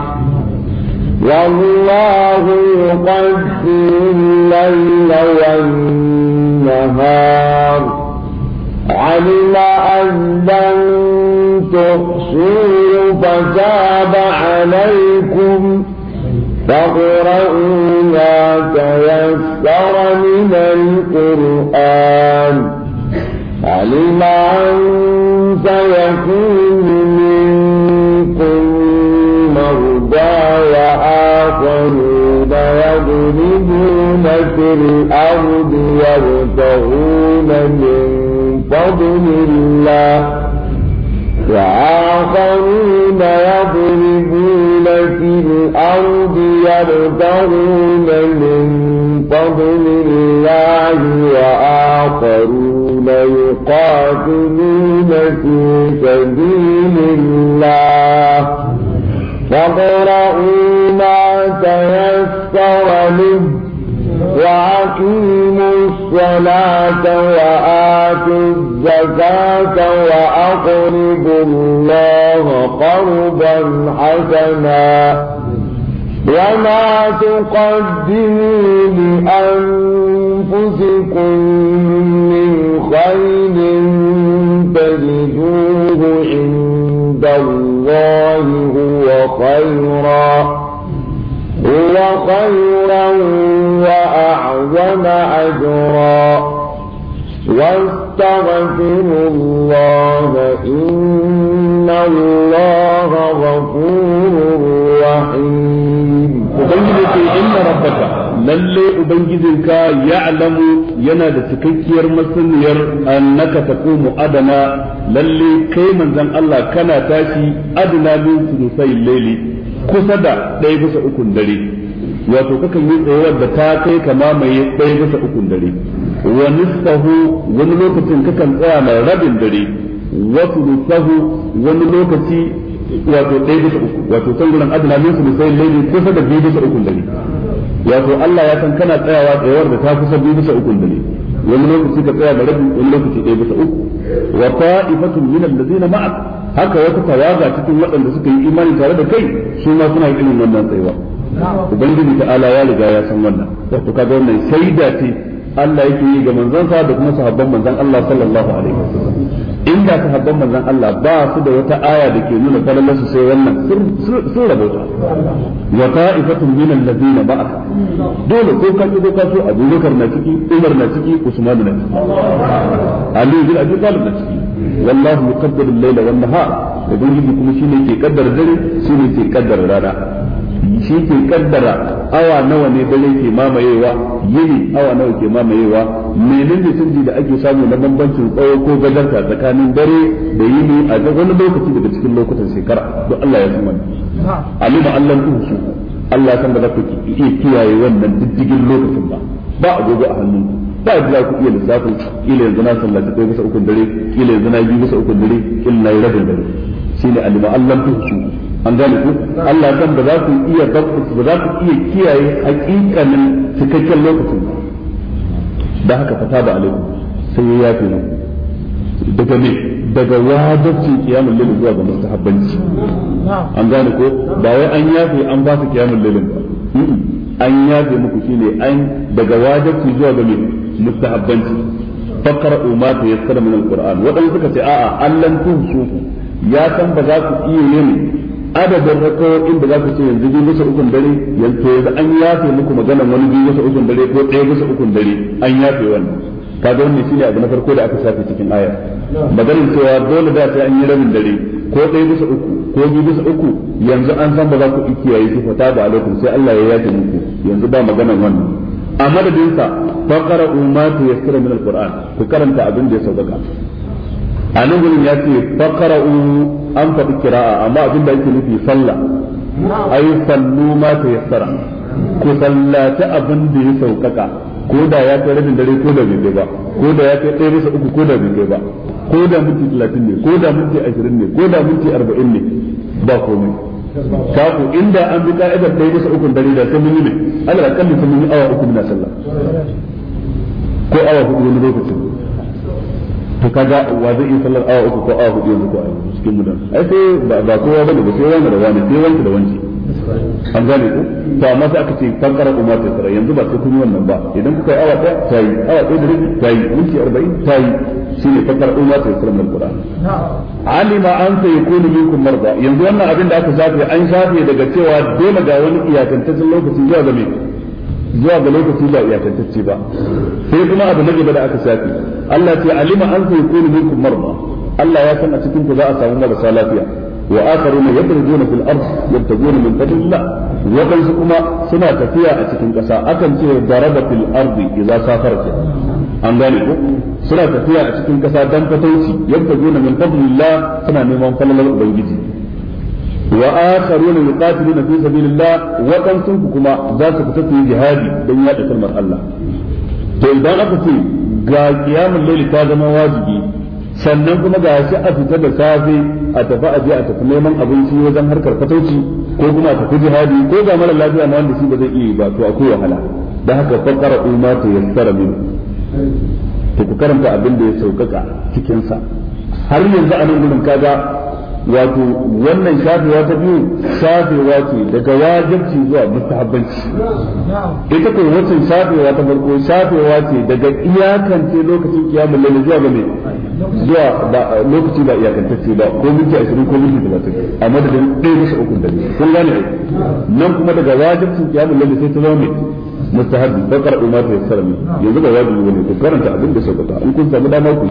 والله يقدر الليل والنهار علم أن لن تحصوا فتاب عليكم فاقرؤوا ما تيسر من القرآن علم أن سيكون منكم مرضى وآخرون يضربون في الأرض يبتغون من فضل الله وآخرون يضربون في الأرض يبتغون من فضل الله وآخرون يقاتلون في سبيل الله فاقرؤوا ما تيسر منه وأقيموا الصلاة وآتوا الزكاة وأقرضوا الله قربا حسنا وما تقدموا لأنفسكم من خير تجدوه عند الله هو خيرا خيرا وأعظم أجرا واستغفروا الله إن الله غفور رحيم إن ربك lalle ubangijinka ya alamu yana da cikakkiyar masaniyar annaka taqumu adana lalle kai manzon Allah kana tashi adana min sulusai laili kusa da ɗaya bisa ukun dare wato kakan yi tsayuwar da ta kai kama mai ɗaya bisa ukun dare wa nisfahu wani lokacin kakan tsaya mai rabin dare wa thuluthahu wani lokaci wato ɗaya bisa uku wato san gurin adana min su sai laili kusa da biyu bisa ukun dare wato Allah ya san kana tsayawa tsayuwar da ta kusa biyu bisa ukun dare wani lokaci ka tsaya da rabin wani lokaci ɗaya bisa uku wa ta'ifatun min allazina ma'ak haka wata tawaga cikin waɗanda suka yi imani tare da kai su ma suna yin irin wannan tsayuwa ubangiji ta ala ya riga ya san wannan to kaga wannan shaida ce Allah yake yi ga sa da kuma sahabban manzan Allah sallallahu alaihi wasallam inda sahabban manzan Allah ba su da wata aya da ke nuna su sai wannan sun rabota wa ta'ifatun min alladhina ba'aka dole ko ka ji ka so Abu Bakar na ciki Umar na ciki Usman na ciki Ali bin Abi Talib na ciki wallahu yuqaddiru al-layla wan nahar ubangiji kuma shine ke kaddara dare shine ke kaddara rana shi ke kaddara awa nawa ne dare ke mamayewa yini awa nawa ke mamayewa menene canji da ake samu na bambancin tsawo ko gajarta tsakanin dare da yini a wani lokaci daga cikin lokutan shekara don Allah ya san ali alima Allah ku Allah san da za ku iya kiyaye wannan diddigin lokacin ba ba agogo a ku ba da za ku iya lissafin kila yanzu na sallata ɗaya bisa ukun dare kila yanzu na biyu bisa ukun dare kila na yi rabin dare shine alima Allah ku an gane ku Allah kan ba za ku iya ba za ku iya kiyaye hakikanin cikakken lokacin ba da haka ta ba alaikum sai ya yafe ne daga me daga wajibcin kiyamul lail zuwa ga mustahabbanci an gane ko ba wai an yafe an ba su kiyamul lail ba an yafe muku shine an daga wajibci zuwa ga me mustahabbanci faqra'u ma tayassara min alquran wadan suka ce a'a allan tuhsu ya san ba za ku iya yin adadin rakawoyin da za ku ce yanzu biyu bisa ukun dare yanzu yanzu an yafe muku magana wani biyu bisa ukun dare ko ɗaya bisa ukun dare an yafe wannan ne wannan shine abu na farko da aka shafe cikin aya Maganin cewa dole da sai an yi rabin dare ko ɗaya bisa uku ko biyu bisa uku yanzu an san ba za ku kiyaye su fata ba alaikum sai Allah ya yafe muku yanzu ba maganan wannan a madadinsa faqara ya yaskara min alquran ku karanta abin da ya sauka a nan gurin ya ce faqra'u an faɗi kira'a amma abin da yake nufi sallah ai sallu ma tayassara ku sallata abin da ya saukaka ko da ya kai rabin dare ko da bai ba ko da ya kai ɗaya bisa uku ko da bai ba ko da minti talatin ne ko da minti ashirin ne ko da minti arba'in ne ba komai ku inda an bi ka'idar ɗaya bisa ukun dare da sai mun yi ne ala kalli sai mun yi awa uku muna sallah ko awa hudu wani lokacin to kaga wa zai iya sallar awa uku ko awa hudu yanzu ko a yanzu cikin mu ai sai ba kowa bane ba sai wani da wani sai wani da wani an gane ku to amma sai aka ce fankara umma ta tsara yanzu ba sai kun yi wannan ba idan kuka yi awa ta ta yi awa ɗaya da rabi ta yi minti arba'in ta yi shine fankara umma ta tsara min qur'an alima an ta yakunu ku marda yanzu wannan abin da aka shafe an shafe daga cewa dole ga wani iyakantaccen lokacin zuwa ga mai zuwa ga lokaci ba iyakantacce ba sai kuma abu na gaba da aka shafi Allah ce alima an sai kunu minkum marma Allah ya san a cikin ku za a samu marasa lafiya wa akharuna yadrubuna fil ard yabtaguna min fadlillah wadansu kuma suna tafiya a cikin ƙasa akan ce daraba fil ardi idza safarta an gane ko suna tafiya a cikin ƙasa dan fatauci yabtaguna min fadlillah suna neman falalar ubangiji wa akharuna yuqatiluna fi sabilillah wa kan sun kuma za su fita su yi jihadi don yaɗa kalmar Allah to idan aka ce ga qiyamul ta zama wajibi sannan kuma ga shi a fita da safe a tafi aje a tafi neman abinci wajen harkar fatauci ko kuma a tafi jihadi ko ga mara lafiya ma wanda shi ba zai iya ba to akwai wahala da haka fakara umma ta yassara min to ku karanta abin da ya saukaka cikin sa har yanzu a nan gurin kaga wato wannan shafewa ta biyu shafewa ce daga wajibci zuwa mustahabbanci ita kai wancan shafewa ta farko shafewa ce daga iyakance lokacin kiyamul lalle zuwa ga me zuwa ba lokaci ba iyakantacce ba ko minti 20 ko minti 30 a madadin 1 bisa uku da kun gane nan kuma daga wajibcin kiyamul lalle sai ta zama me mustahabbi bakar umar da sarmi yanzu ba wajibi wani ku karanta abin da sauka in kun samu dama ku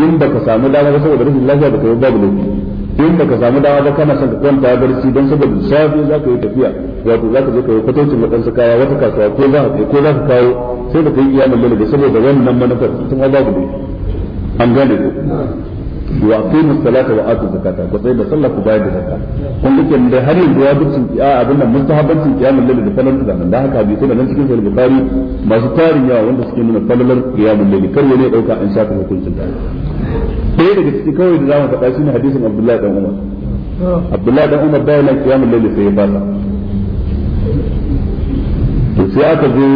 in baka samu dama ba saboda rashin lafiya baka yi babu laifi in baka samu dawa ba kana son ka kwanta barci don saboda safe za ka yi tafiya wato za ka je ka yi fatocin waɗansu kaya wata kasuwa ko za ka ko za ka kawo sai da kai iyamin lalabe saboda wannan manufar sun ba babu ne an gane ne wa aqimus salata wa atu zakata ko sai da sallah ku bayar da zakka kun duke da har yanzu ya wajibcin ya abin nan mustahabbancin qiyamul layl da falan da nan da haka bi kuma nan cikin sahih bukhari masu tarin yawa wanda suke nuna falalar qiyamul layl kar wani ya dauka an shafa hukuncin ta ɗaya daga ciki kawai da zamu faɗa shine hadisin Abdullahi dan Umar Abdullahi dan Umar bai na kiyamul layl sai ya fasa to sai aka zo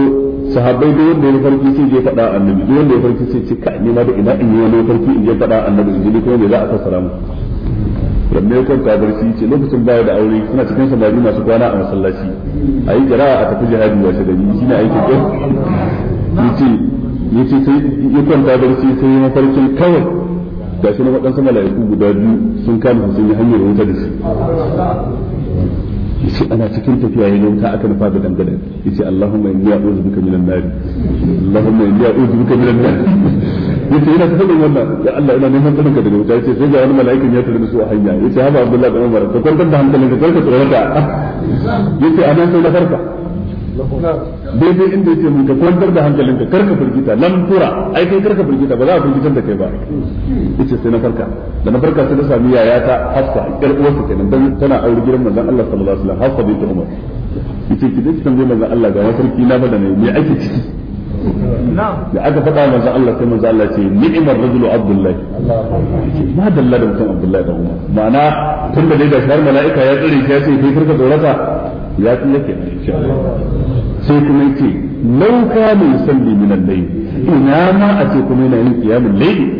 sahabbai da wanda ya farki sai je faɗa annabi duk wanda ya farki sai ce ka ni ma da ina in yi wani farki in je faɗa annabi in ji ko me za a fassara mu wanne ya kwanta barci ce lokacin baya da aure suna cikin samari masu kwana a masallaci a yi jira'a a tafi jihadi washe gari shi ne aikin ɗin yace yace sai ya kwanta barci sai ya mafarkin kawai ga shi na waɗansu mala'iku guda biyu sun kama sun yi hanyar wuta da su yace ana cikin tafiya yayin ka aka nufa da dangane yace Allahumma inni a'udhu bika minan nar Allahumma inni a'udhu bika minan nar yace ina ta wannan ya Allah ina neman tsarin ka daga wuta yace sai ga wani mala'ikan ya tura su a hanya yace haba bin Umar ka kwantar da hankalinka karka yace sai na farka daidai inda yake mu ka kwantar da hankalinka karka firgita lam tura ai kai karka firgita ba za a firgitar da kai ba yace sai na farka da na farka sai na sami yayata hafsa yar uwarsa kenan dan tana aure gidan manzon Allah sallallahu alaihi wasallam hafsa bint umar yace ki dace tambaye manzon Allah ga sarki na bada ne me ake ciki da aka faɗa manzon Allah sai manzon Allah ce ni'mar rajulu abdullahi ma dalla da mutum abdullahi da umar ma'ana tun da dai da shar mala'ika ya tsare shi ya ce kai karka tsorata ya tsalle ke sai kuma yace lau kana yusalli min al-layl ina ma a ce kuma yana yin qiyamul layl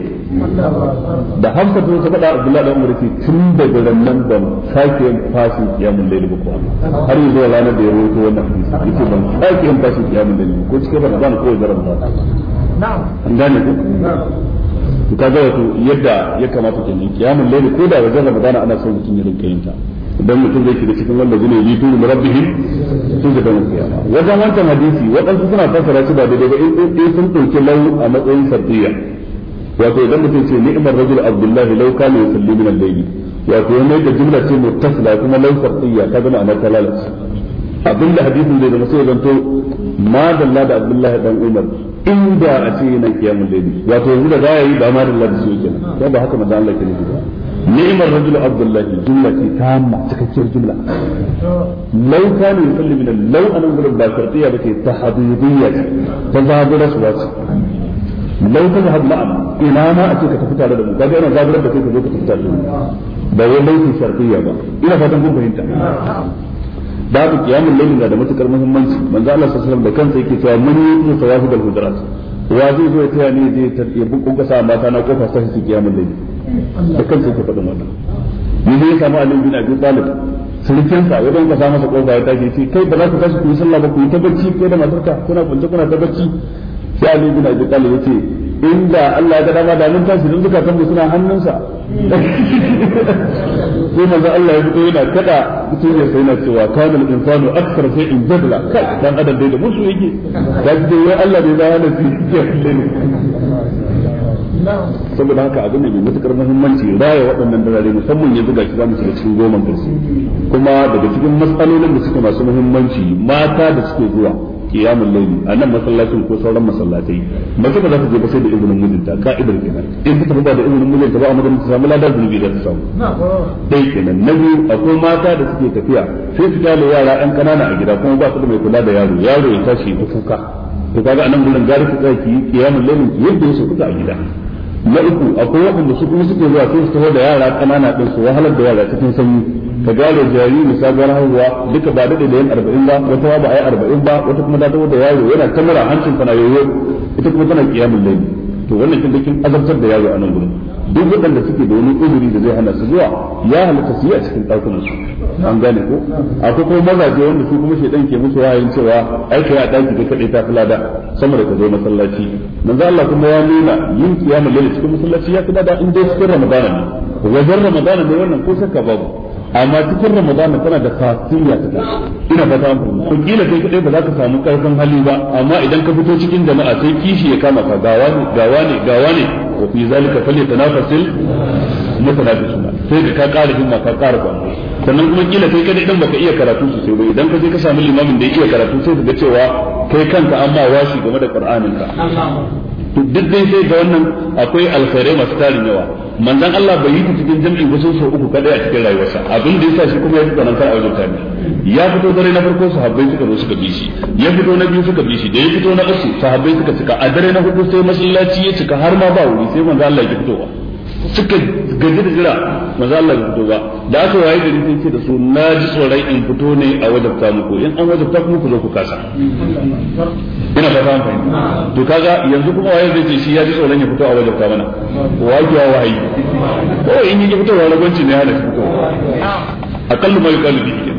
da hamsa tun ta faɗa abdullahi da umar ce tun daga rannan ban sake yin fashi kiyamun laili ba kuwa har yanzu a ranar da ya rawaito wannan hadisi yace ban sake yin fashi kiyamun laili ko cikin ramadan ko da ramadan na'am an gane ku to kaga wato yadda ya kamata kenan kiyamun laili ko da wajen ramadana ana son mutum ya rinka yin ta idan mutum zai shiga cikin wanda zai yi turu murabbihi sun ga dan kiyama wajen wancan hadisi waɗansu suna fassara shi ba daidai ba in sun ɗauki lau a matsayin sardiya wato idan mutum ce ni'mar rajul abdullahi law kana yusalli min al-layli wato ne da jumla ce muttasila kuma law sardiya ka zama ana talalace abinda hadisin zai zama sai zanto ma da abdullahi dan umar inda a ce yana kiyamul layli wato yanzu da za yi ba ma dalla da su kenan ba haka manzo Allah ke nufi ba ni'mar rajul abdullahi jumla ce tamma cikakkiyar jumla law kana yusalli min law anan gurin ba shartiya bace tahdidiyya ta zabura su lau ta kana hadla ina ma a ce ka tafi tare da mu kaga ina zaburar da kai ka zo ka tafi tare da mu ba wai laifin shartiya ba ina fatan kun fahimta Babu kiyamul layl na da matukar muhimmanci manzo Allah sallallahu alaihi wasallam da kansa yake cewa man yutu sawahidul hudurat wa zai zo ya taya ne zai tarbiya bukun kasa mata na kofa sai su kiyamul layl da kansa yake faɗin wannan yanzu ya samu Ali bin Abi Talib sulkinsa wajen ka sa masa kofa ya tashi ce kai ba za ku tashi ku yi sallah ba ku yi tabbaci ko kai da matarka kuna kwance kuna tabbaci sai Ali bin Abi Talib ya ce inda Allah ya ga dama da mun tashi dan zuka kan suna hannunsa sai manzo Allah ya fito yana kada mutum ya sai na cewa kana al-insanu akthar shay'in jadla kai dan adam dai da musu yake da dai Allah bai ba da shi saboda haka abin da mai matukar muhimmanci raya waɗannan dalilai musamman yanzu ga shi musu da cikin goma karshe kuma daga cikin matsalolin da suke masu muhimmanci mata da suke zuwa kiyamul laifi a nan masallacin ko sauran masallatai mace ba za ta je ba sai da izinin mijinta ka'idar kenan in ta ba da izinin mijinta ba a madadin ta samu ladar zunubi da ta samu dai kenan na biyu akwai mata da suke tafiya sai su kyale yara yan kanana a gida kuma ba su da mai kula da yaro yaro ya tashi ta kuka to kaga anan gurin gari ku tsaki ki yi kiyamul layl yadda yake kuka a gida na uku akwai waɗanda su kuma suke zuwa sai su da yara kanana din su wahalar da yara cikin sanyi ka gane jariri sabuwar haihuwa duka ba daɗe da yin arba'in ba wata ba a yi arba'in ba wata kuma ta tafi da yaro yana kamara hancin fana yoyo ita kuma tana kiyamul layl to wannan kin azabtar da yaro a nan gurin duk waɗanda suke da wani uzuri da zai hana su zuwa ya halitta su yi a cikin ɗaukar musu an gane ko akwai kuma mazaje wanda su kuma shaidan ke musu wayan cewa ai kai a ɗaki da kaɗai ta da sama da ka zo masallaci manzo Allah kuma ya nuna yin kiyamul lail cikin masallaci ya fi da in dai cikin ramadana ne wajen ramadana ne wannan ko shakka babu amma cikin ramadan tana da khasiyya ta ina fata mu to kila kai kadai ba za ka samu karfin hali ba amma idan ka fito cikin jama'a sai kishi ya kama ka gawa ne gawa ne gawa ne wa fi zalika falyatanafasil mutanafisuna sai ka kara himma ka kara kwanto sannan kuma kila kai kadai dan baka iya karatu sosai ba idan ka je ka samu limamin da ya iya karatu sai ka ga cewa kai kanka amma washi game da qur'anin ka duk dai sai ga wannan akwai alkhairai masu tarin yawa manzon Allah bai yi cikin jam'i ba sun sau uku kadai a cikin rayuwarsa abin da yasa shi kuma ya tsana sai a wajen ya fito dare na farko sahabbai suka zo suka bi shi ya fito na biyu suka bi shi da ya fito na uku sahabbai suka cika a dare na hudu sai masallaci ya cika har ma ba wuri sai manzon Allah ya fitowa suka gaji da jira maza Allah bai ba da aka waye da sai ce da su na ji tsoron in fito ne a wajabta muku in an wajabta kuma ku zo ku kasa ina ba an fahimta to kaga yanzu kuma waye zai ce shi ya ji tsoron ya fito a wajabta mana waje wa wahayi ko in yi fitowa ragwanci ne ya da fito a kallu mai yuqalu ne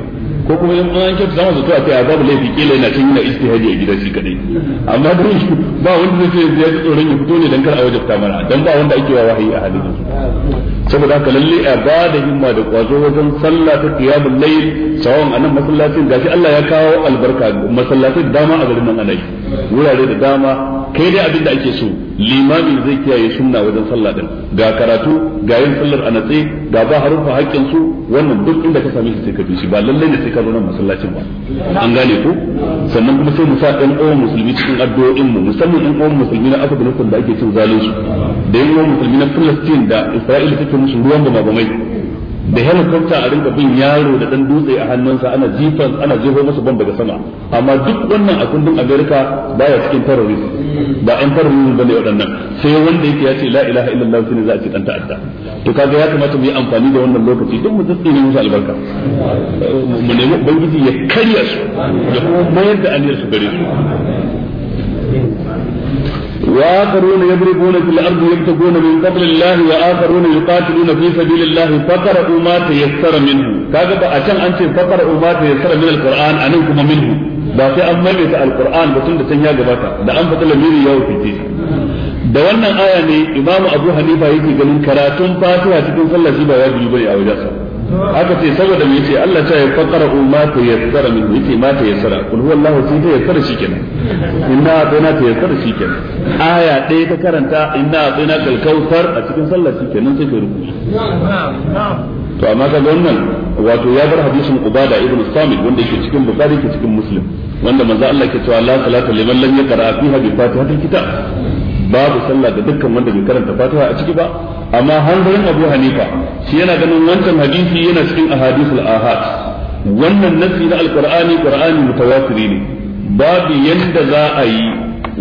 ko kuma in an za mu zato a kai babu laifi kila yana cin yana hajji a gida shi kadai amma dai ba wanda zai ce ya tsoron ya fito ne don kar a wajabta mana dan ba wanda ake wa wahayi a halin saboda haka lalle a ba da himma da kwazo wajen sallah ta qiyamul layl sawan anan masallacin gashi Allah ya kawo albarka masallacin dama a garin nan anai wurare da dama kai dai abin da ake so limami zai kiyaye sunna wajen sallah din ga karatu ga yin sallar a natse ga ba harufa haƙƙin su wannan duk inda ka same shi sai ka bi shi ba lallai ne sai ka zo nan masallacin ba an gane ko sannan kuma sai mu sa ɗan uwan musulmi cikin addu'o'in mu musamman ɗan uwan musulmi na Afghanistan da ake cin zalunci da yan uwan musulmi na Palestine da Isra'ila take musu ruwan da mabamai da helicopter a rinka bin yaro da dan dutse a hannunsa ana jifan ana jefo masa bomba daga sama amma duk wannan a kundin America baya cikin terrorist ba an terrorist bane waɗannan sai wanda yake ya ce la ilaha illallah sai za a ci dan ta'adda to kaga ya kamata mu yi amfani da wannan lokaci duk mu ne musu albarka mu nemi ubangiji ya karya su ya kuma mayar da aniyar su gare su وآخرون يضربون في الأرض يبتغون من فضل الله وآخرون يقاتلون في سبيل الله فقرأوا ما تيسر منه كذا أشان أنت فقرأوا ما تيسر من القرآن أنكم منه ba sai an maimaita alqur'an ba tunda can ya gabata da an fata lamiri ya wuce da wannan aya ne imamu abu hanifa yake ganin karatun fatiha cikin sallah shi ba wajibi bane a wajensa aka ce saboda me ce Allah ta ya faqara umma ta yassara min yace ma ta yassara kul huwa Allah sai ta yassara shikenan inna atana ta yassara shikenan aya ɗaya ta karanta inna atana kal kautsar a cikin sallar shikenan sai ka rubuta to amma ka ga wannan wato ya bar hadisin ubada ibn samit wanda yake cikin bukhari yake cikin muslim wanda manzo Allah ke cewa la salata liman lam yaqra fiha bi fatihatil kitab babu sallah da dukkan wanda bai karanta fatiha a ciki ba amma hanzarin abu hanifa shi yana ganin wancan hadisi yana cikin ahadithul ahad wannan nasi na alqur'ani qur'ani mutawatiri ne babu yanda za a yi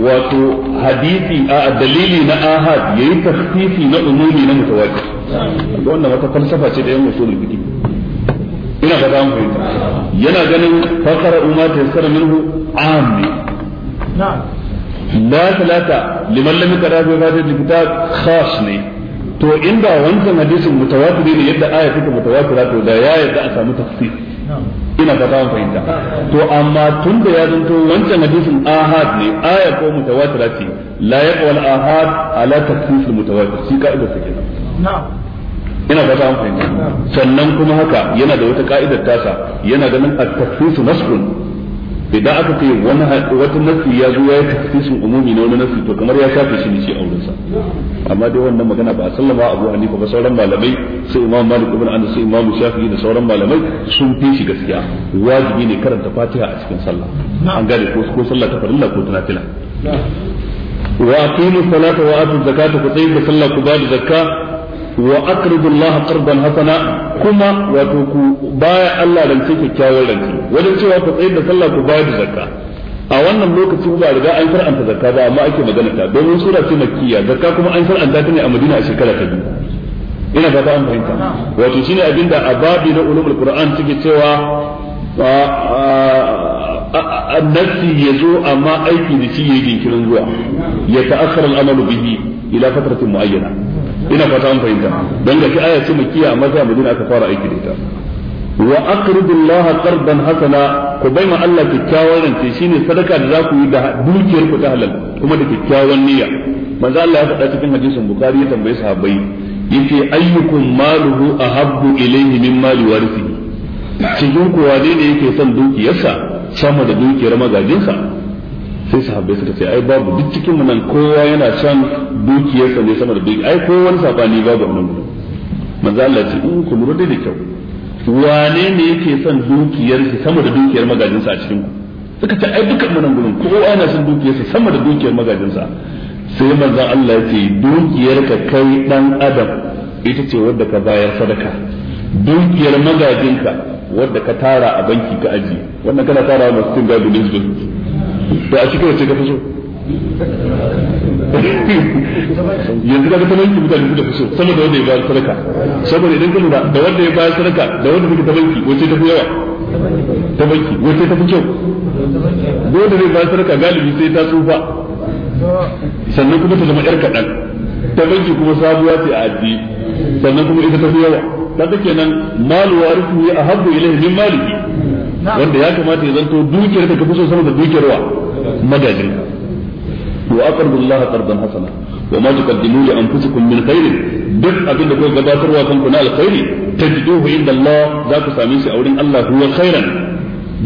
wato hadisi a dalili na ahad yayi tafsiri na umumi na mutawatir wannan wata falsafa ce da yan usulul fiqh ina fata zamu fahimta yana ganin fakara umma tayassara minhu ammi na'am la salata liman lam yakra bi fatihatil kitab khas ne to inda wancan hadisin mutawatiri ne yadda aya take mutawatira to da ya yadda a samu tafsir ina fata an fahimta to amma tun da ya zanto wancan hadisin ahad ne aya ko mutawatir ce la yaqwal ahad ala tafsir mutawatir shi ka'idar take na'am ina fata an fahimta sannan kuma haka yana da wata ka'idar tasa yana ganin at-takfisu nasrun idan aka ce wani wata nasu ya zo ya yi tafsirin umumi na wani nasu to kamar ya shafe shi ne shi auren sa amma dai wannan magana ba a sallama Abu Hanifa ba sauran malamai sai Imam Malik ibn Anas sai Imam Shafi'i da sauran malamai sun fi shi gaskiya wajibi ne karanta Fatiha a cikin sallah an gane ko ko sallah ta farilla ko ta nafila wa aqimu salata wa atu zakata ku tsaya da sallah ku ba da zakka wa aqridu Allah qardan hasana kuma wato ku baya Allah rance kyakkyawan rance wajen cewa ku tsayar da sallah ku bayar da zakka a wannan lokacin ba riga an faranta zakka ba amma ake magana ta domin sura ce makkiya zakka kuma an faranta ta ne a Madina a shekara ta biyu ina fata an fahimta wato shine abinda a babi na ulumul qur'an suke cewa annasi ya zo amma aiki da shi yayi jinkirin zuwa ya ta'akhkhara al-amalu bihi ila fatratin muayyana ina fata an fahimta don ga aya ce makiya maza madina aka fara aiki da ita wa aqridullaha qardan hasana ku bai ma Allah kikkiawar rance shine sadaka da za ku yi da dukiyar ku ta halal kuma da kikkiawar niyya manzo Allah ya faɗa cikin hadisin bukhari ya tambaye sahabbai yace ayyukum maluhu ahabbu ilayhi min mali warisihi cikin ku wane ne yake son dukiyarsa sama da dukiyar magajinsa sai sahabbai suka ce ai babu duk cikin mu nan kowa yana son dukiyarsa ne sama da duk ai kowa wani sabani babu a nan manzo Allah ya ce in ku lura da kyau wane ne yake son dukiyarsa sama da dukiyar magajinsa a cikin ku suka ce ai dukkan mu nan gurin kowa yana son dukiyarsa sama da dukiyar magajinsa sai manzo Allah ya ce dukiyar ka kai dan adam ita ce wadda ka bayar sadaka dukiyar magajinka wadda ka tara a banki ka aji wannan kana tara masu cin ga dukiyar da a cikin wace ka fi so yanzu kaga yanki mutane kuka fi so sama da wanda ya bayar sadaka saboda idan ka lura da wanda ya bayar sadaka da wanda suka tabanki wace ta fi yawa tabanki wace ta fi kyau dole ne bayar sadaka galibi sai ta tsufa sannan kuma ta zama yar kaɗan ta banki kuma sabuwa ce a addi sannan kuma ita ta fi yawa kaga kenan malu warithu ya ya ilayhi min malihi wanda ya kamata ya zanto dukiyar da ka so sama da dukiyar wa magajin wa aqrabu Allah qardan hasana wa ma tuqaddimu li anfusikum min khairin duk abin da kuka gabatarwa kanku na alkhairi tajiduhu inda Allah za ku same shi a wurin Allah huwa khairan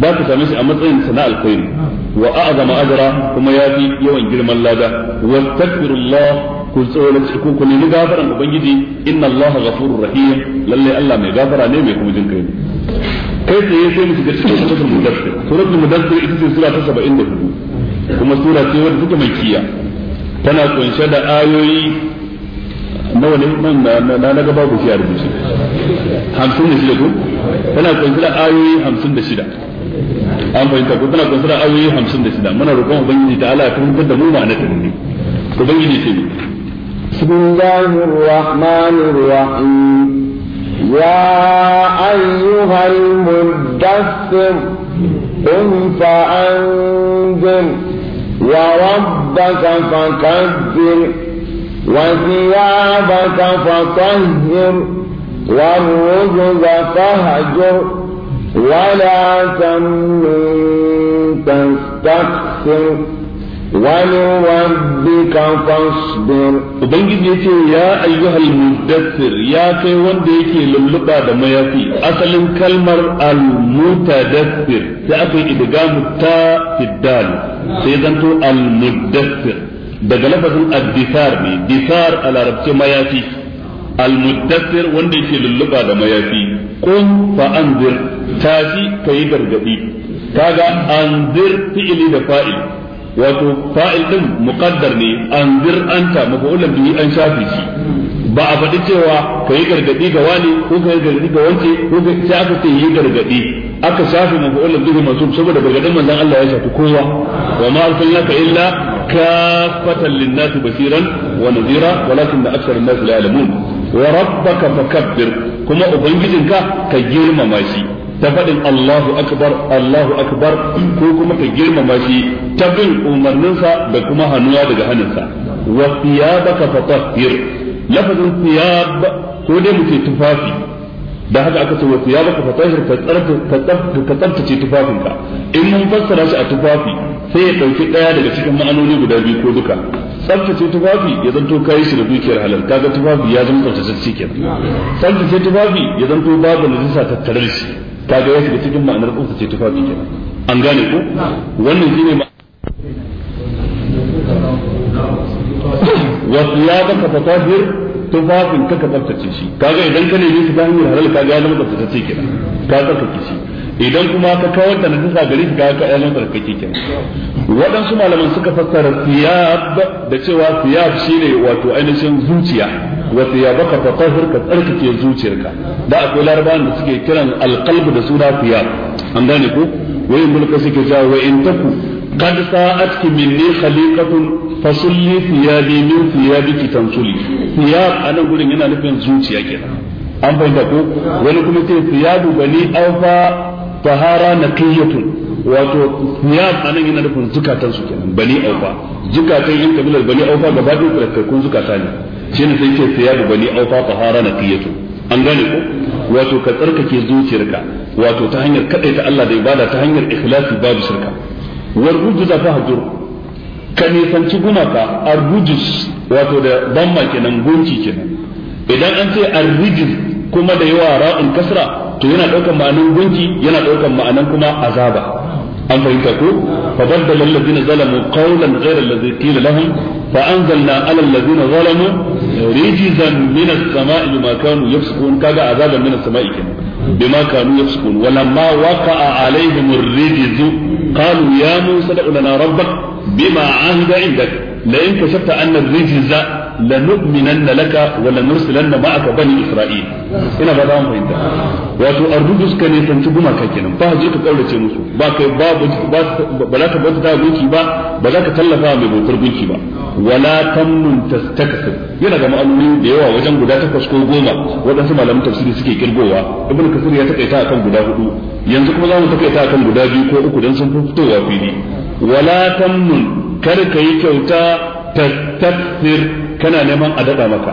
za ku same shi a matsayin sana alkhairi wa a'zama ajra kuma yafi yawan girman lada wastaghfirullah ku tsoron ku ku nemi gafaran ubangiji inna allaha ghafurur rahim lalle allah mai gafara ne mai kuma jin kai ne kai tsaye sai mu shiga cikin suratul mudaththir suratul mudaththir ita ce sura ta 74 kuma sura ce wadda take mai kiya tana kunshe da ayoyi nawa ne na na gaba ku kiya rubuce 56 ko tana kunshe da ayoyi 56 an fahimta ko tana kunshe da ayoyi shida. muna roƙon ubangiji ta ala ta hukunta mu ma'ana ta ne ubangiji ce بسم الله الرحمن الرحيم يا أيها المدثر قم فأنذر وربك فكبر وثيابك فطهر والرجز فاهجر ولا تمن تستكثر ولربك فاصبر ubangiji yace ya ayyuhal mudaththir ya kai wanda yake lulluba da mayafi asalin kalmar al mutadaththir sai aka yi idgamu ta fiddal sai zanto al mudaththir daga lafazin addisar ne disar a larabci mayafi al mudaththir wanda yake lulluba da mayafi kun fa anzir tashi gargadi kaga anzir fi'ili da fa'il wato fa'il din muqaddar ne anzir anta mafa'ulan bihi an shafi shi ba a faɗi cewa ka yi gargaɗi ga wani ko ka yi gargaɗi ga wance ko ka sai aka ce yi gargaɗi aka shafi mafa'ulan bihi masu saboda gargaɗin manzon Allah ya shafi kowa wa ma arsalnaka illa kafatan linnas basiran wa nadira walakin aktharun nas la ya'lamun wa rabbaka fakabbir kuma ubangijinka ka girmama shi ta faɗin Allahu akbar Allahu akbar ko kuma ka girmama shi ta bin umarninsa da kuma hannuwa daga hannunsa wa thiyabaka fatahhir lafazin ba ko dai mu ce tufafi da haka aka ce wa thiyabaka fatahhir ka tsaftace tufafinka in mun fassara shi a tufafi sai ya ɗauki ɗaya daga cikin ma'anoni guda biyu ko duka tsaftace tufafi ya zanto yi shi da dukiyar halal kaga tufafi ya zama tsaftace shi kenan tsaftace tufafi ya zanto babu najisa tattare da shi kaga ya shiga cikin ma'anar kunsa ce tufafi kenan an gane ku wannan shine ma wa thiyabaka fatahir tufafin ka ka tsaftace shi kaga idan ka nemi shi ta hanyar halal kaga ya zama tsaftace kenan ka tsaftace shi idan kuma ka kawar da najisa gare shi kaga ya zama tsarkake kenan waɗansu malaman suka fassara thiyab da cewa thiyab shine wato ainihin zuciya wa thiyabaka fatahhir ka tsarkake zuciyarka da akwai larabawan da suke kiran alqalb da suna fiya an gane ku. wai mulka suke cewa wa in taku qad sa'atki minni khaliqatun fasulli thiyabi min thiyabiki tansuli thiyab anan gurin yana nufin zuciya kenan an fahimta ko wani kuma sai thiyabu bani awfa tahara naqiyatun wato niyab anan yana nufin zukatan su kenan bani aufa zukatan yin kabilar bani aufa gaba ɗaya kun zukata ne shine sai ke siya da bani aufa hara na qiyatu an gane ko wato ka tsarkake zuciyarka wato ta hanyar kaɗai ta Allah da ibada ta hanyar ikhlasi babu shirka war rujuza fa hajur ka nisanci gumaka arrujus wato da damma kenan gunki kenan idan an ce arrijis kuma da yawa ra'un kasra to yana daukan ma'anan gunki yana daukan ma'anan kuma azaba an fahimta ko fa baddala allazina zalamu qawlan ghayra allazi qila lahum fa anzalna ala allazina zalamu rijizan min as-sama'i bima kanu yafsukun kaga azaban samai kenan bima kanu yafsukun walamma waqa'a alaihim ar-rijiz qalu ya musa da'u lana rabbak bima ahida in anna ar lanu'minanna laka wa lanursilanna ma'aka isra'il ina ba za mu fahimta wato ardudu suka ne tantu gumaka kenan ba je ka kaurace musu ba kai ba ba za ka gunki ba ba za ka tallafa mai bautar gunki ba wala tamnun tastakthir yana da ma'anoni da yawa wajen guda takwas ko goma waɗansu malaman tafsiri suke kirgowa ibn kasir ya takaita akan guda hudu yanzu kuma za mu takaita akan guda biyu ko uku dan sun fitowa fili wala tamnun kar ka yi kyauta tastakthir kana neman a daɗa maka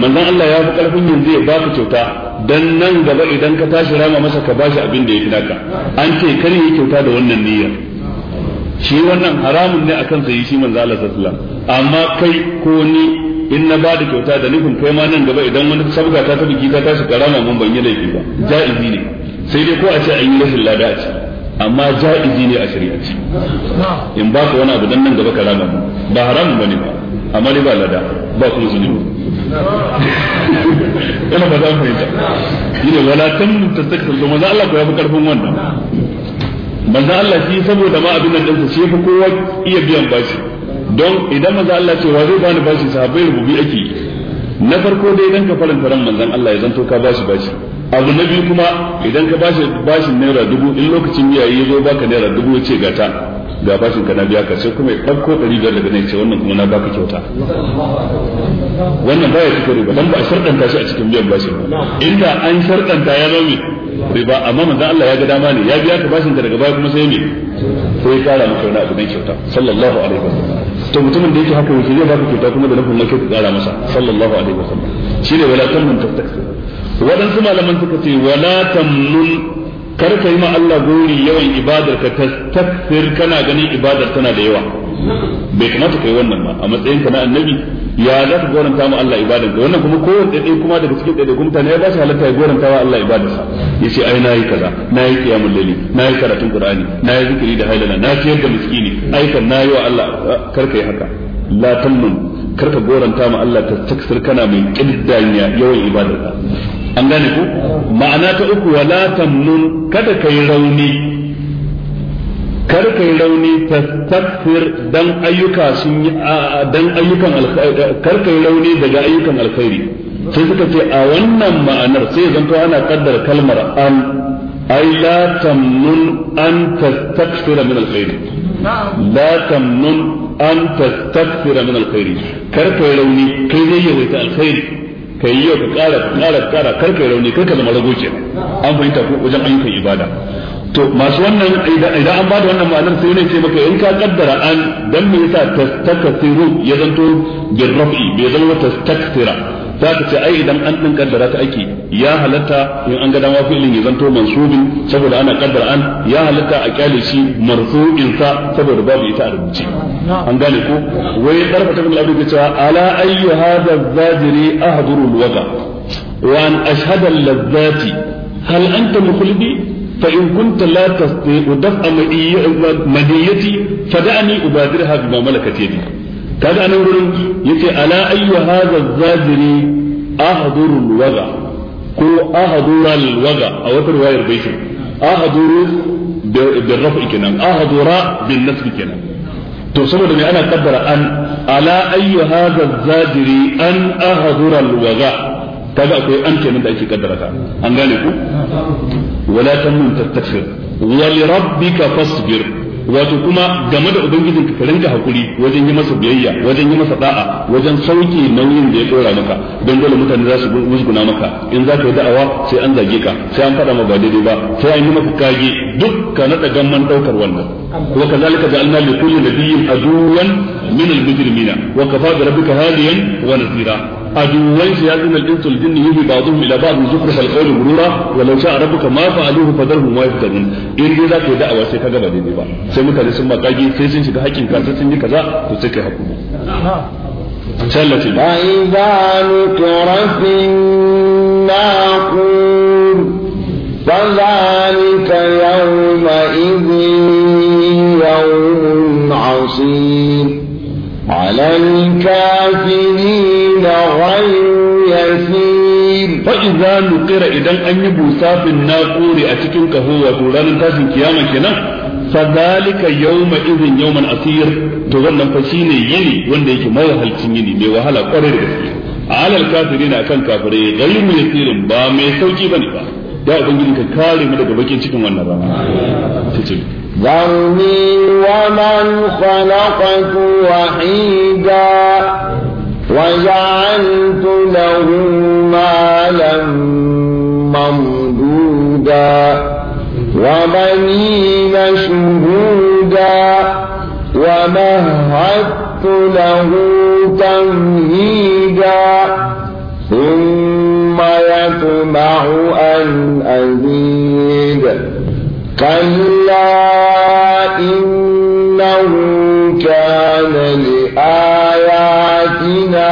manzon Allah ya fi karfin yanzu ya baka kyauta dan nan gaba idan ka tashi rama masa ka bashi abin da ya fi naka an ce kar yi kyauta da wannan niyyar shi wannan haramun ne akan sai shi manzon Allah sallallahu alaihi wasallam amma kai ko ni in na ba da kyauta da nufin kai ma nan gaba idan wani sabga ta ta biki ta tashi karama mun ban yi laifi ba ja'izi ne sai dai ko a ce an yi rashin lada a ce amma ja'izi ne a shari'a in ba ka wani abu dan nan gaba karama ba haramun bane ba amma dai ba lada ba kuma zunubi ina ba zan fahimta fahimta shine wala tamnu tastakbir to manzo Allah ko ya fi karfin wannan manzo Allah shi saboda ma abin nan dinsa shi fa kowa iya biyan bashi don idan manzo Allah ce wa zai bani bashi sahabbai rububi ake na farko dai dan ka faranta ran manzon Allah ya zanto ka bashi bashi abu na biyu kuma idan ka bashi bashin naira dubu in lokacin biya yi zo baka naira dubu ya ce gata ga bashin ka na biya ka sai kuma ya ɗauko ɗari biyar daga nan ce wannan kuma na baka kyauta wannan baya cikin riba dan ba a sharɗanta shi a cikin biyan bashin inda an sharɗanta ya zama ba amma manzon Allah ya ga dama ne ya biya ka bashin ka daga baya kuma sai me sai ya kara maka wani abu dan kyauta sallallahu alaihi wasallam to mutumin da yake haka yake zai baka kyauta kuma da nufin maka ka kara masa sallallahu alaihi wasallam shine wala tamnun taftakir waɗansu malaman suka ce wala tamnun kar ka yi ma Allah gori yawan ibadar ka tafsir kana ganin ibadar tana da yawa bai kamata kai wannan ba a matsayin ka na annabi ya za ka goranta mu Allah ibadan ka wannan kuma kowanne dai kuma daga cikin ɗaya kuma ne ya ba shi halatta ya goranta wa Allah ibadarsa ya ce ai nayi kaza nayi qiyamul layli nayi karatun qur'ani nayi zikiri da hailala na ciyar da miskini ai kan nayi wa Allah kar kai haka la tamnun kar ka goranta mu Allah ta taksir kana mai kiddanya yawan ka an gane ku ma'ana ta uku wala tamnun kada kai rauni karkai rauni tastakfir dan ayyuka sun dan ayyukan karkai rauni daga ayyukan alkhairi sai suka ce a wannan ma'anar sai zanto ana kaddara kalmar an ai la tamnun an tastakfira min alkhairi la tamnun an tastakfira min alkhairi karkai rauni kai zai yawaita alkhairi kai yi yau ka ƙara ƙara ƙara karka rauni karka zama rago ke an fahimta ko wajen ayyukan ibada to masu wannan idan an bada wannan ma'anar sai ne ce maka in ka kaddara an dan me yasa tastakasiru ya zanto bil bai zama tastakthira za ka ce ai idan an din kaddara ta ake ya halatta in an ga dama fi'ilin ya zanto mansubin saboda ana kaddara an ya halatta a kyale shi marfu'in sa saboda babu ita a rubuce an gane ko wai darfa ta bil abdi cewa ala ayyu hadha zajiri ahduru alwaga wa an ashhadu al-ladzati hal anta mukhlidi fa in kunta la tastati'u daf'a madiyati fada'ani ubadirha bima malakat yadi kaga anan gurin yace ala ayyu hadha az-zajiri ahduru al ko ahdura al-waga a wata riwayar baitin ahduru bil raf'i kenan ahdura bin nasb kenan to saboda me ana kaddara an ala an kaga akwai an kenan da ake kaddara ta an gane ku wala tamun tattakir wa li rabbika fasbir wato kuma game da ubangijin ka rinka hakuri wajen yi masa biyayya wajen yi masa da'a wajen sauke nauyin da ya dora maka don dole mutane za su musguna maka in za ka yi da'awa sai an zage ka sai an faɗa ma ba daidai ba sai an yi maka kage duk ka naɗa gamman ɗaukar wannan وكذلك جعلنا لكل نبي عدوا من المجرمين وكفى بربك هاديا ونصيرا عدوا شياطين الانس والجن يوحي بعضهم الى بعض زخرف القول غرورا ولو شاء ربك ما فعلوه فذرهم ما يفترون in dai za ka yi da'awa sai ka gaba daidai ba sai mutane sun makage sai sun shiga hakkin ka sun yi kaza to sai kai hakuri فإذا نكر في الناقور فذلك يومئذ عصير على الكافرين غير يسير فإذا نقر إذا أن يبوسا في الناقور أتكن كهو وطولان تاسم كياما كنا فذلك يوم إذن يوم أسير تظن فشيني يلي وندي ما يهل تنيني مي وهلا قرر على الكافرين أكن كافرين غير يسير با مي سوكي بني با يا أبنجي كالي مدى بكين شكم وانا با ذرني ومن خلقت وحيدا وجعلت له مالا ممدودا وبنين شهودا ومهدت له تمهيدا ثم يطمع أن أزيد كلا إنه كان لآياتنا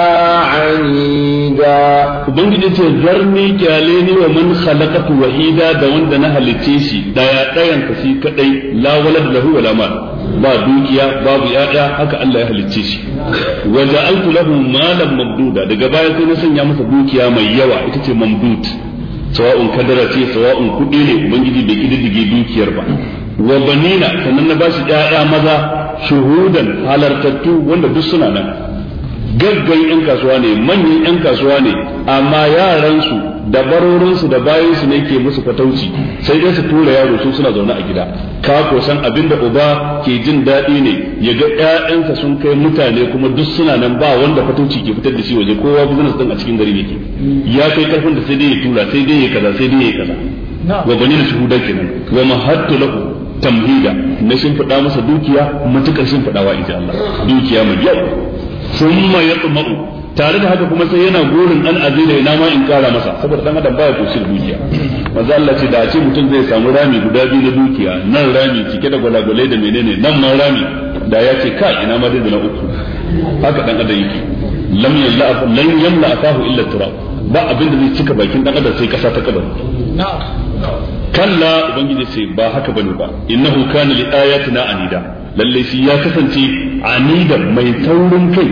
عنيدا Ubangiji ce zarni kyale ni wa mun khalaqatu wahida da wanda na halicce shi da ya ɗayanka shi kadai la walad lahu wala ba dukiya babu yaya haka Allah ya halicce shi wa ja'altu lahu malan mamduda daga baya sai na sanya masa dukiya mai yawa ita ce mamdud sawa'un kadara ce sawa'un kuɗi ne ubangiji bai kididdige dukiyar ba wa banina sannan na bashi ƴaƴa maza shuhudan halartattu wanda duk suna nan gaggai yan kasuwa ne manyan yan kasuwa ne amma yaransu da barorinsu da bayansu ne ke musu fatauci sai dai su tura yaro su suna zaune a gida ka ko san abin da uba ke jin daɗi ne ya ga ƴaƴansa sun kai mutane kuma duk suna nan ba wanda fatauci ke fitar da shi waje kowa business din a cikin gari yake ya kai karfin da sai dai ya tura sai dai ya kaza sai dai ya kaza wa bani da shuhuda kenan wa mahattu lahu tamhida na shin fada masa dukiya matukar shin wa insha Allah dukiya mai yau summa yatma'u tare da haka kuma sai yana gurin an azina ina ma in kara masa saboda dan adam baya kusur dukiya maza Allah ce da a ce mutum zai samu rami guda biyu na dukiya nan rami cike da gwalagwalai da menene nan ma rami da ya ce ka ina ma dai da na uku haka dan adam yake lam yalla lam yamla akahu illa turab ba abin da zai cika bakin dan adam sai kasa ta kabar kalla ubangiji sai ba haka bane ba innahu kana li ayatina anida lalle shi ya kasance anida mai taurin kai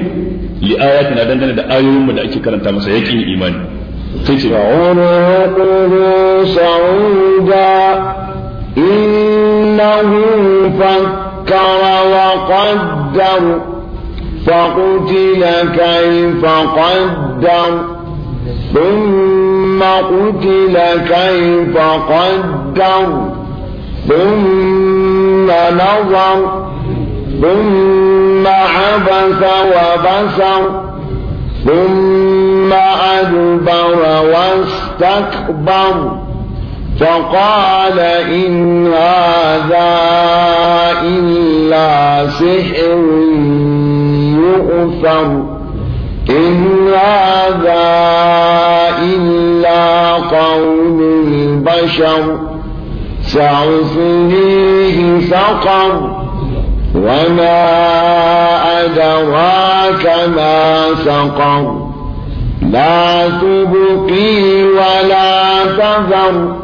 li na dangane da ayoyin mu da ake karanta masa ni imani sai ce wa sa'uda innahu fakkara wa qaddar فقتل كيف قدر ثم قتل كيف قدر ثم نظر ثم ثم عبس وبسر ثم أدبر واستكبر فقال إن هذا إلا سحر يؤثر إن هذا إلا قول البشر سأصليه سقر وما أدراك ما سقر لا تبقي ولا تذر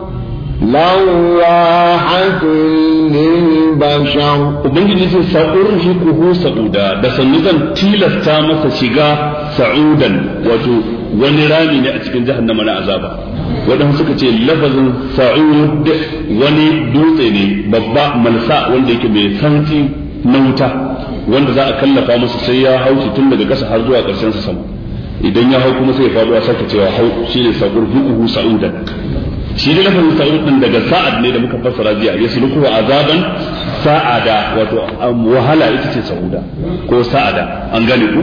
لواحة للبشر وبنجي سأرهقه سعودا بس النظام تيلة تامة شقا سعودا وتو ونراني نأتكن جهنم عذابا waɗansu suka ce lafazin sa'ud wani dutse ne babba malsa wanda yake mai santi na wuta wanda za a kallafa masa sai ya hau shi tun daga ƙasa har zuwa ƙarshen sa sama idan ya hau kuma sai ya faɗo a saka cewa hau ne sakur hukuhu sa'udan shi da lafazin sa'ud din daga sa'ad ne da muka fassara jiya yasluku azaban sa'ada wato wahala ita ce sa'uda ko sa'ada an gane ku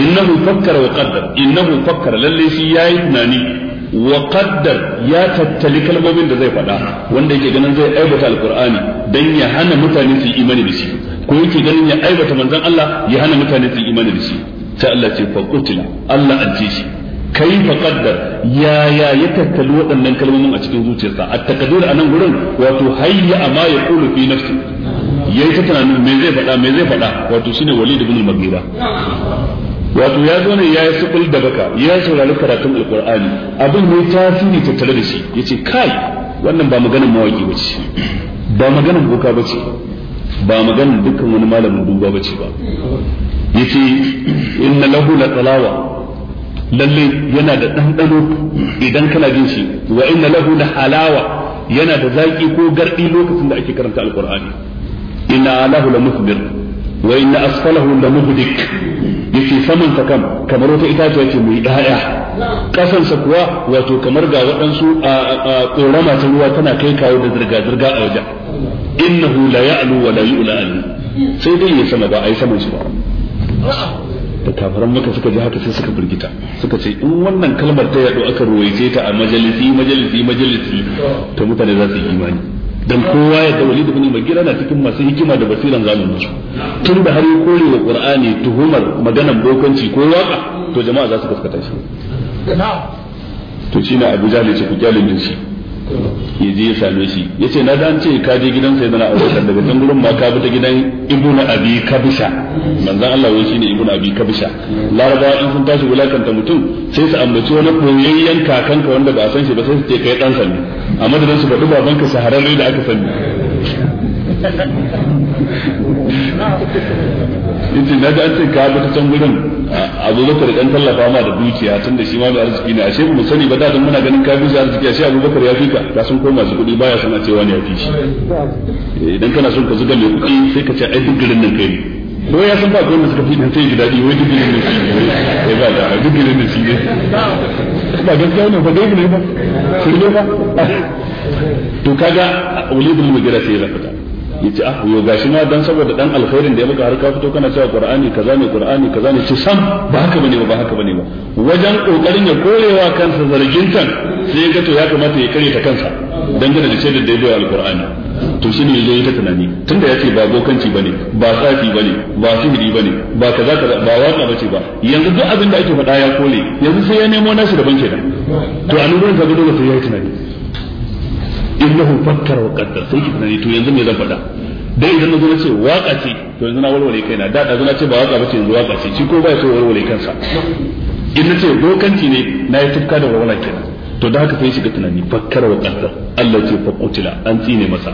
innahu fakkara wa qaddar innahu fakkara lalle shi yayi tunani wa ya tattali kalmomin da zai faɗa wanda yake ganin zai aibata alqur'ani dan ya hana mutane su imani da shi ko yake ganin ya aibata manzon Allah ya hana mutane su imani da shi sai Allah ce fa qutila Allah an ce shi kai fa qaddar ya ya ya tattali waɗannan kalmomin a cikin zuciyarsa at takdir anan gurin wato hayya ma qulu fi nafsi yayi ta tunanin me zai faɗa me zai faɗa wato shine walid ibn al-mughira wato ya zo ne ya yi sukul da baka ya saurari karatun alkur'ani abin ne tasiri tattare da shi ya ce kai wannan ba maganin mawaƙi ba ce ba maganin boka ba ce ba maganin dukkan wani malamin duba ba ce ba ya ce inna lahu la talawa lalle yana da ɗanɗano idan kana jin shi wa inna lahu la halawa yana da zaƙi ko garɗi lokacin da ake karanta alkur'ani inna alahu la musbir wa inna asfalahu la muhdik yake saman ta kan kamar wata itaciya ce mai ɗaya kasan sa kuwa wato kamar ga waɗansu a korama ta ruwa tana kai kawo da zirga zirga a waje. innahu la ya'lu wa la yu'la an sai dai ya sama ba ai saman shi ba da kafaran maka suka ji haka sai suka burgita suka ce in wannan kalmar ta yaɗo aka ruwaice ta a majalisi majalisi majalisi ta mutane za su yi imani dan kowa ya da Walid ibn Mughira na cikin masu hikima da basiran zamanin su tun da har ya kore wa Qur'ani tuhumar maganan bokanci ko waka to jama'a za su kaskata shi to shi na Abu ce ku kyalin shi ya je ya same shi ya ce na dan ce ka je gidan sai zana a daga can gurin ma ka bi ta gidan ibn abi kabisha manzon Allah wai shine ibn abi kabisha laraba in sun tashi wulakanta mutum sai su ambaci wani boyayyen kakanka wanda ba a san shi ba sai su ce kai dan sanni amma da su duba babanka shahararre da aka sani yace na ga ce ka ta can gurin abubakar dan tallafa ma da dukiya tun da shi ma da arziki ne ashe mu sani ba da muna ganin ka bisa arziki ashe abubakar ya fika ka sun koma su kudi baya sana cewa ne ya fi shi eh, idan kana son ka zuga mai kudi sai ka ce ai duk garin nan kai ko ya san ba ko wanda suka fi dan sai ji wai duk garin nan shi ne ba da duk garin nan shi ne ba gaskiya ne ba dai ne ba shi ne ba to kaga ulidul mugira sai ya fita yace ah yo gashi ma dan saboda dan alkhairin da ya maka har ka fito kana cewa qur'ani kaza ne qur'ani kaza ne ce sam ba haka bane ba haka bane ba wajen kokarin ya korewa kansa zargin tan sai ga to ya kamata ya kare ta kansa dangane da cewa da ya alkur'ani. to shi ne yi ta tunani tunda yace ba gokanci bane ba tsafi bane ba sihiri bane ba kaza kaza ba waka bace ba yanzu duk abin da ake faɗa ya kole yanzu sai ya nemo nasu daban kenan to a nan gurin ka gudu sai ya tunani innahu fakkara wa qaddar sai kina ne to yanzu me zan faɗa dai idan nazo nace waka ce to yanzu na walwale kaina da da nace ba waka bace yanzu waka ce shi ko bai so walwale kansa in nace dokanci ne na yi tufka da warwara kenan to da haka sai shiga tunani fakkara wa qaddar Allah ce fa qutila an tsine masa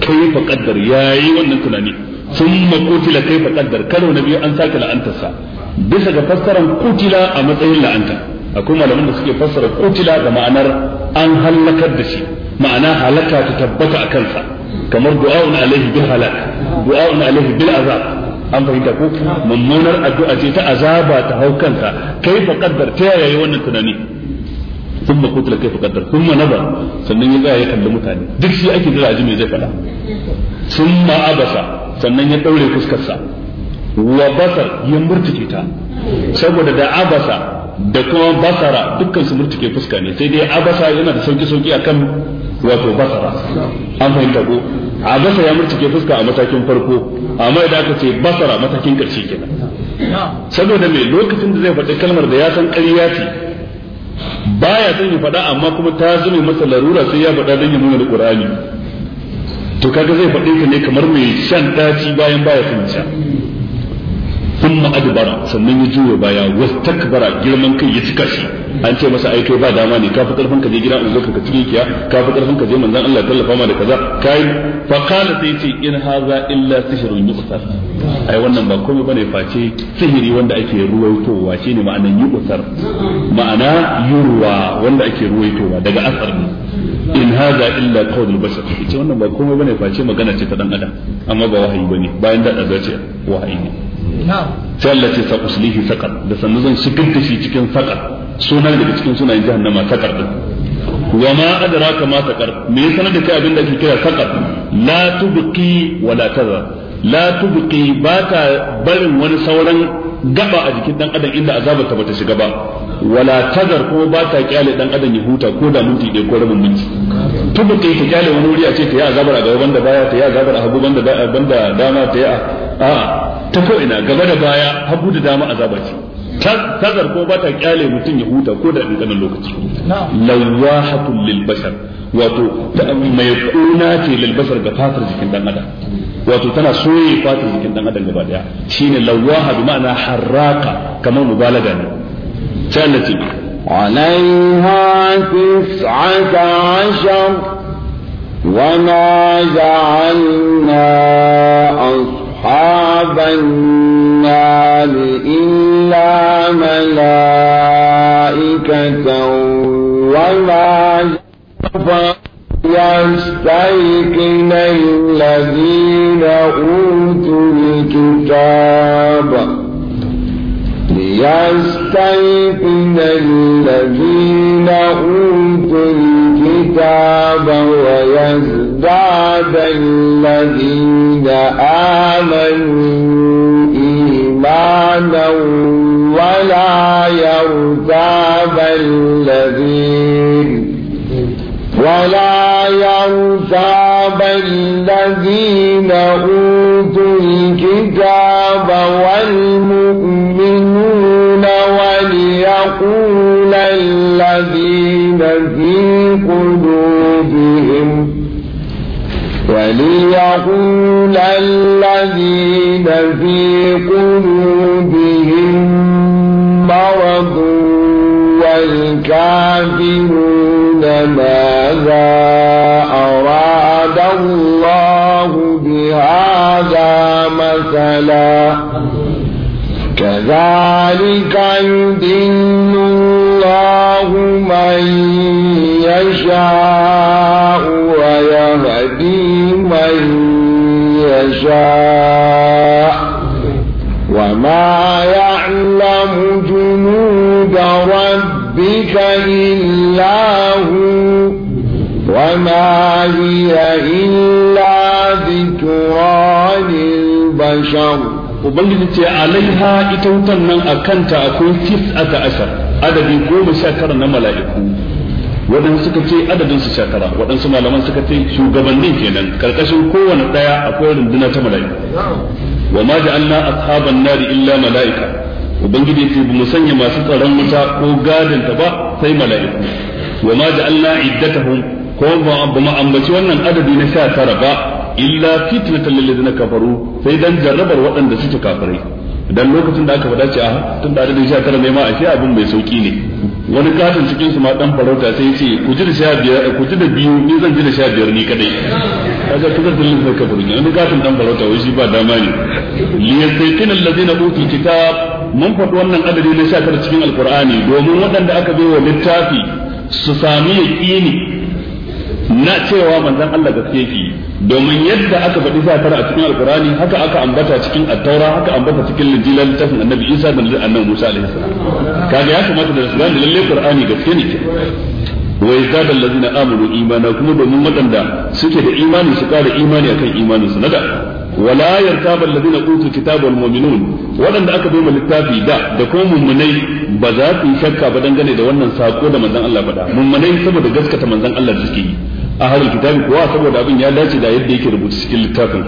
kai fa qaddar yayi wannan tunani thumma qutila kai fa qaddar karo na biyu an saka la'antarsa bisa ga fassaran kutila a matsayin la'anta akwai malaman da suke fassara kutila da ma'anar an halakar da shi ma'ana halaka ta tabbata a kansa kamar du'a'un alaihi bil halak du'a'un alaihi bil azab an fahimta ko mummunar addu'a ce ta azaba ta hau kansa kai fa kaddar ta yaya wannan tunani ثم قتل كيف قدر ثم نظر sannan ya tsaya ya kalli mutane duk shi ake jira ji mai zai faɗa ثم abasa sannan ya daure fuskarsa wa basar ya murtuke ta saboda da abasa da kuma basara dukkan su murtuke fuska ne sai dai abasa yana da sauki sauki akan wato basara an fahimta ko a basa ya murtuke fuska a matakin farko amma idan aka ce basara matakin karshe kenan saboda mai lokacin da zai faɗi kalmar da ya san ƙarya ce baya son ya faɗa amma kuma ta zume masa larura sai ya faɗa don ya nuna da to kaga zai faɗe ka ne kamar mai shan ɗaci bayan baya son sha sun ma'adubara sannan ya juya baya wasu takbara girman kai ya cika shi an ce masa aito ba dama ne ka fi karfin ka je gidan Allah ka cike kiya ka fi karfin ka je manzon Allah tallafa ma da kaza kai fa qala sai ce in haza illa sihrun yusar ai wannan ba komai bane face sihiri wanda ake ruwaitowa shine ma'anan yusar ma'ana yurwa wanda ake ruwaitowa daga asar ne in haza illa qawlul bashar ce wannan ba komai bane face magana ce ta dan adam amma ba wahayi bane bayan da zace wahayi ne sai Allah ce sa uslihi saqar da sannan zan shigar da shi cikin saqar sunan daga cikin sunayen jahannama takar din wa ma adraka ma takar me ya da kai abin da ake kira takar la tubqi wa la tazar la tubqi ba ta barin wani sauran gaba a jikin dan adam inda azaba ta bata shiga ba wala tazar ko ba ta kyale dan adam ya huta ko da minti ɗaya ko rabin minti tubqi ta kyale wani wuri a ce ta yi azabar a gaban da baya ta yi azabar a hagu banda banda dama ta yi a a ta ko ina gaba da baya hagu da dama azaba ce tazar ko ba ta kyale mutum ya huta ko da ɗanɗanon lokaci lawahatun lil bashar wato mai kuna ce lil bashar ga fatar jikin dan adam wato tana soye fatar jikin dan adam gaba daya shine lawaha bi ma'ana harraka kamar mubalaga ne sai Allah ce عليها تسعة عشر وما جعلنا أصلا أصحاب النار إلا ملائكة وما سوف يستيقن الذين أوتوا الكتاب يستيقن الذين أوتوا الكتاب ويزداد الذين آمنوا إيمانا ولا يرتاب الذين ولا يرتاب الذين أوتوا الكتاب والمؤمنين الذين في قلوبهم وليقول الذين في قلوبهم مرض والكافرون ماذا أراد الله بهذا مثلا كذلك يدل الله من يشاء ويهدي من يشاء وما يعلم جنود ربك إلا هو وما هي إلا ذكرى للبشر ubangiji ce alaiha ita wutan nan a kanta akwai tis'ata ashar adadi goma sha tara na mala'iku waɗansu suka ce adadin su sha tara waɗansu malaman suka ce shugabannin kenan karkashin kowane ɗaya akwai runduna ta mala'iku wa ma ja'alna ashaban nari illa mala'ika ubangiji ce mu sanya masu tsaron wuta ko gadin ta ba sai mala'iku wa ma ja'alna iddatahum ko ba mu ambaci wannan adadi na sha tara ba illa fitnatan lil ladina kafaru sai dan jarrabar waɗanda suke kafirai dan lokacin da aka faɗa ce a tun da adadin sha tara ne ma ashe abin mai sauki ne wani katon cikin su ma dan farauta sai ya ce ku ji da sha biyar ku ji da biyu ni zan ji da sha biyar ni kadai kaga kudar da da kafaru ne wani katon dan farauta wai shi ba dama ne li yasaytina alladina utul kitab mun faɗi wannan adadi na sha cikin alqur'ani domin waɗanda aka bai wa littafi su sami yaqini na cewa manzon Allah gaske yake domin yadda aka faɗi sa tara a cikin alkurani haka aka ambata cikin attaura haka ambata cikin ta littafin annabi isa da annabi musa alaihi salam kaga ya kamata da rasulani lalle qur'ani gaske ne wa yazdada allazina amanu imana kuma domin madanda suke da imani su ƙara imani akan imanin su na da ولا يرتاب الذين اوتوا almu'minun wadanda aka bayyana littafi da da ko mummunai ba za su shakka ba dangane da wannan sako da manzon Allah faɗa mummunai saboda gaskata manzon Allah da suke yi ahlul kitabi kuwa saboda abin ya dace da yadda yake rubuta cikin littafin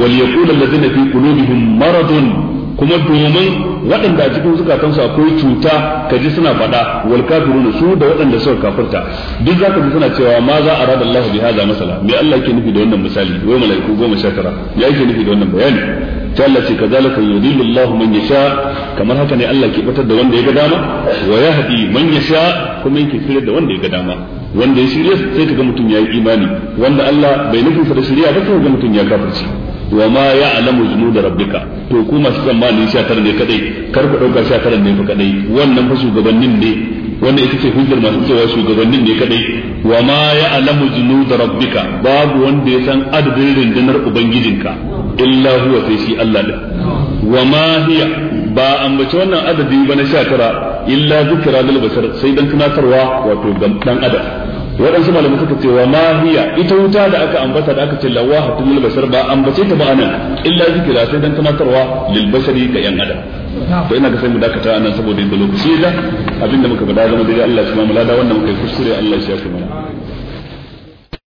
wal yaqulu allazina fi qulubihim maradun kuma domin waɗanda a cikin zukatansu akwai cuta ka ji suna faɗa wal kafiruna su da waɗanda suka kafirta duk zaka ji suna cewa ma za a rada Allah bi hada masala me Allah yake nufi da wannan misali wai malaiku goma sha tara ya yake nufi da wannan bayani ta Allah ce kazalika yudillu Allah man yasha kamar haka ne Allah ke batar da wanda ya ga dama wa yahdi man yasha kuma yake shirye da wanda ya ga dama wanda ya shirye sai ga mutum ya yi imani wanda Allah bai nufi sa da shirya ba sai kaga mutum ya kafirci wa ma ya'lamu junuda rabbika to ku masu tsammani 19 ne kadai kar ku dauka 19 ne fa kadai wannan fa shugabannin ne wannan ita ce hujjar masu cewa shugabannin ne kadai wa ma ya'lamu junuda rabbika babu wanda ya san adadin rundunar ubangijinka illa huwa sai shi Allah da wa ma hiya ba ambaci wannan adadi ba na tara illa zikra lil basar sai dan tunatarwa wato dan adam waɗansu malamai suka ce wa ma hiya ita wuta da aka ambata da aka ce lawaha tumul bashar ba ambace ta ba anan illa zikira sai dan tunatarwa lil bashari ga yan adam to ina ga sai mu dakata anan saboda yadda lokaci da abinda muka faɗa zama dai Allah ya kuma mulada wannan muka yi kuskure Allah ya shafe mana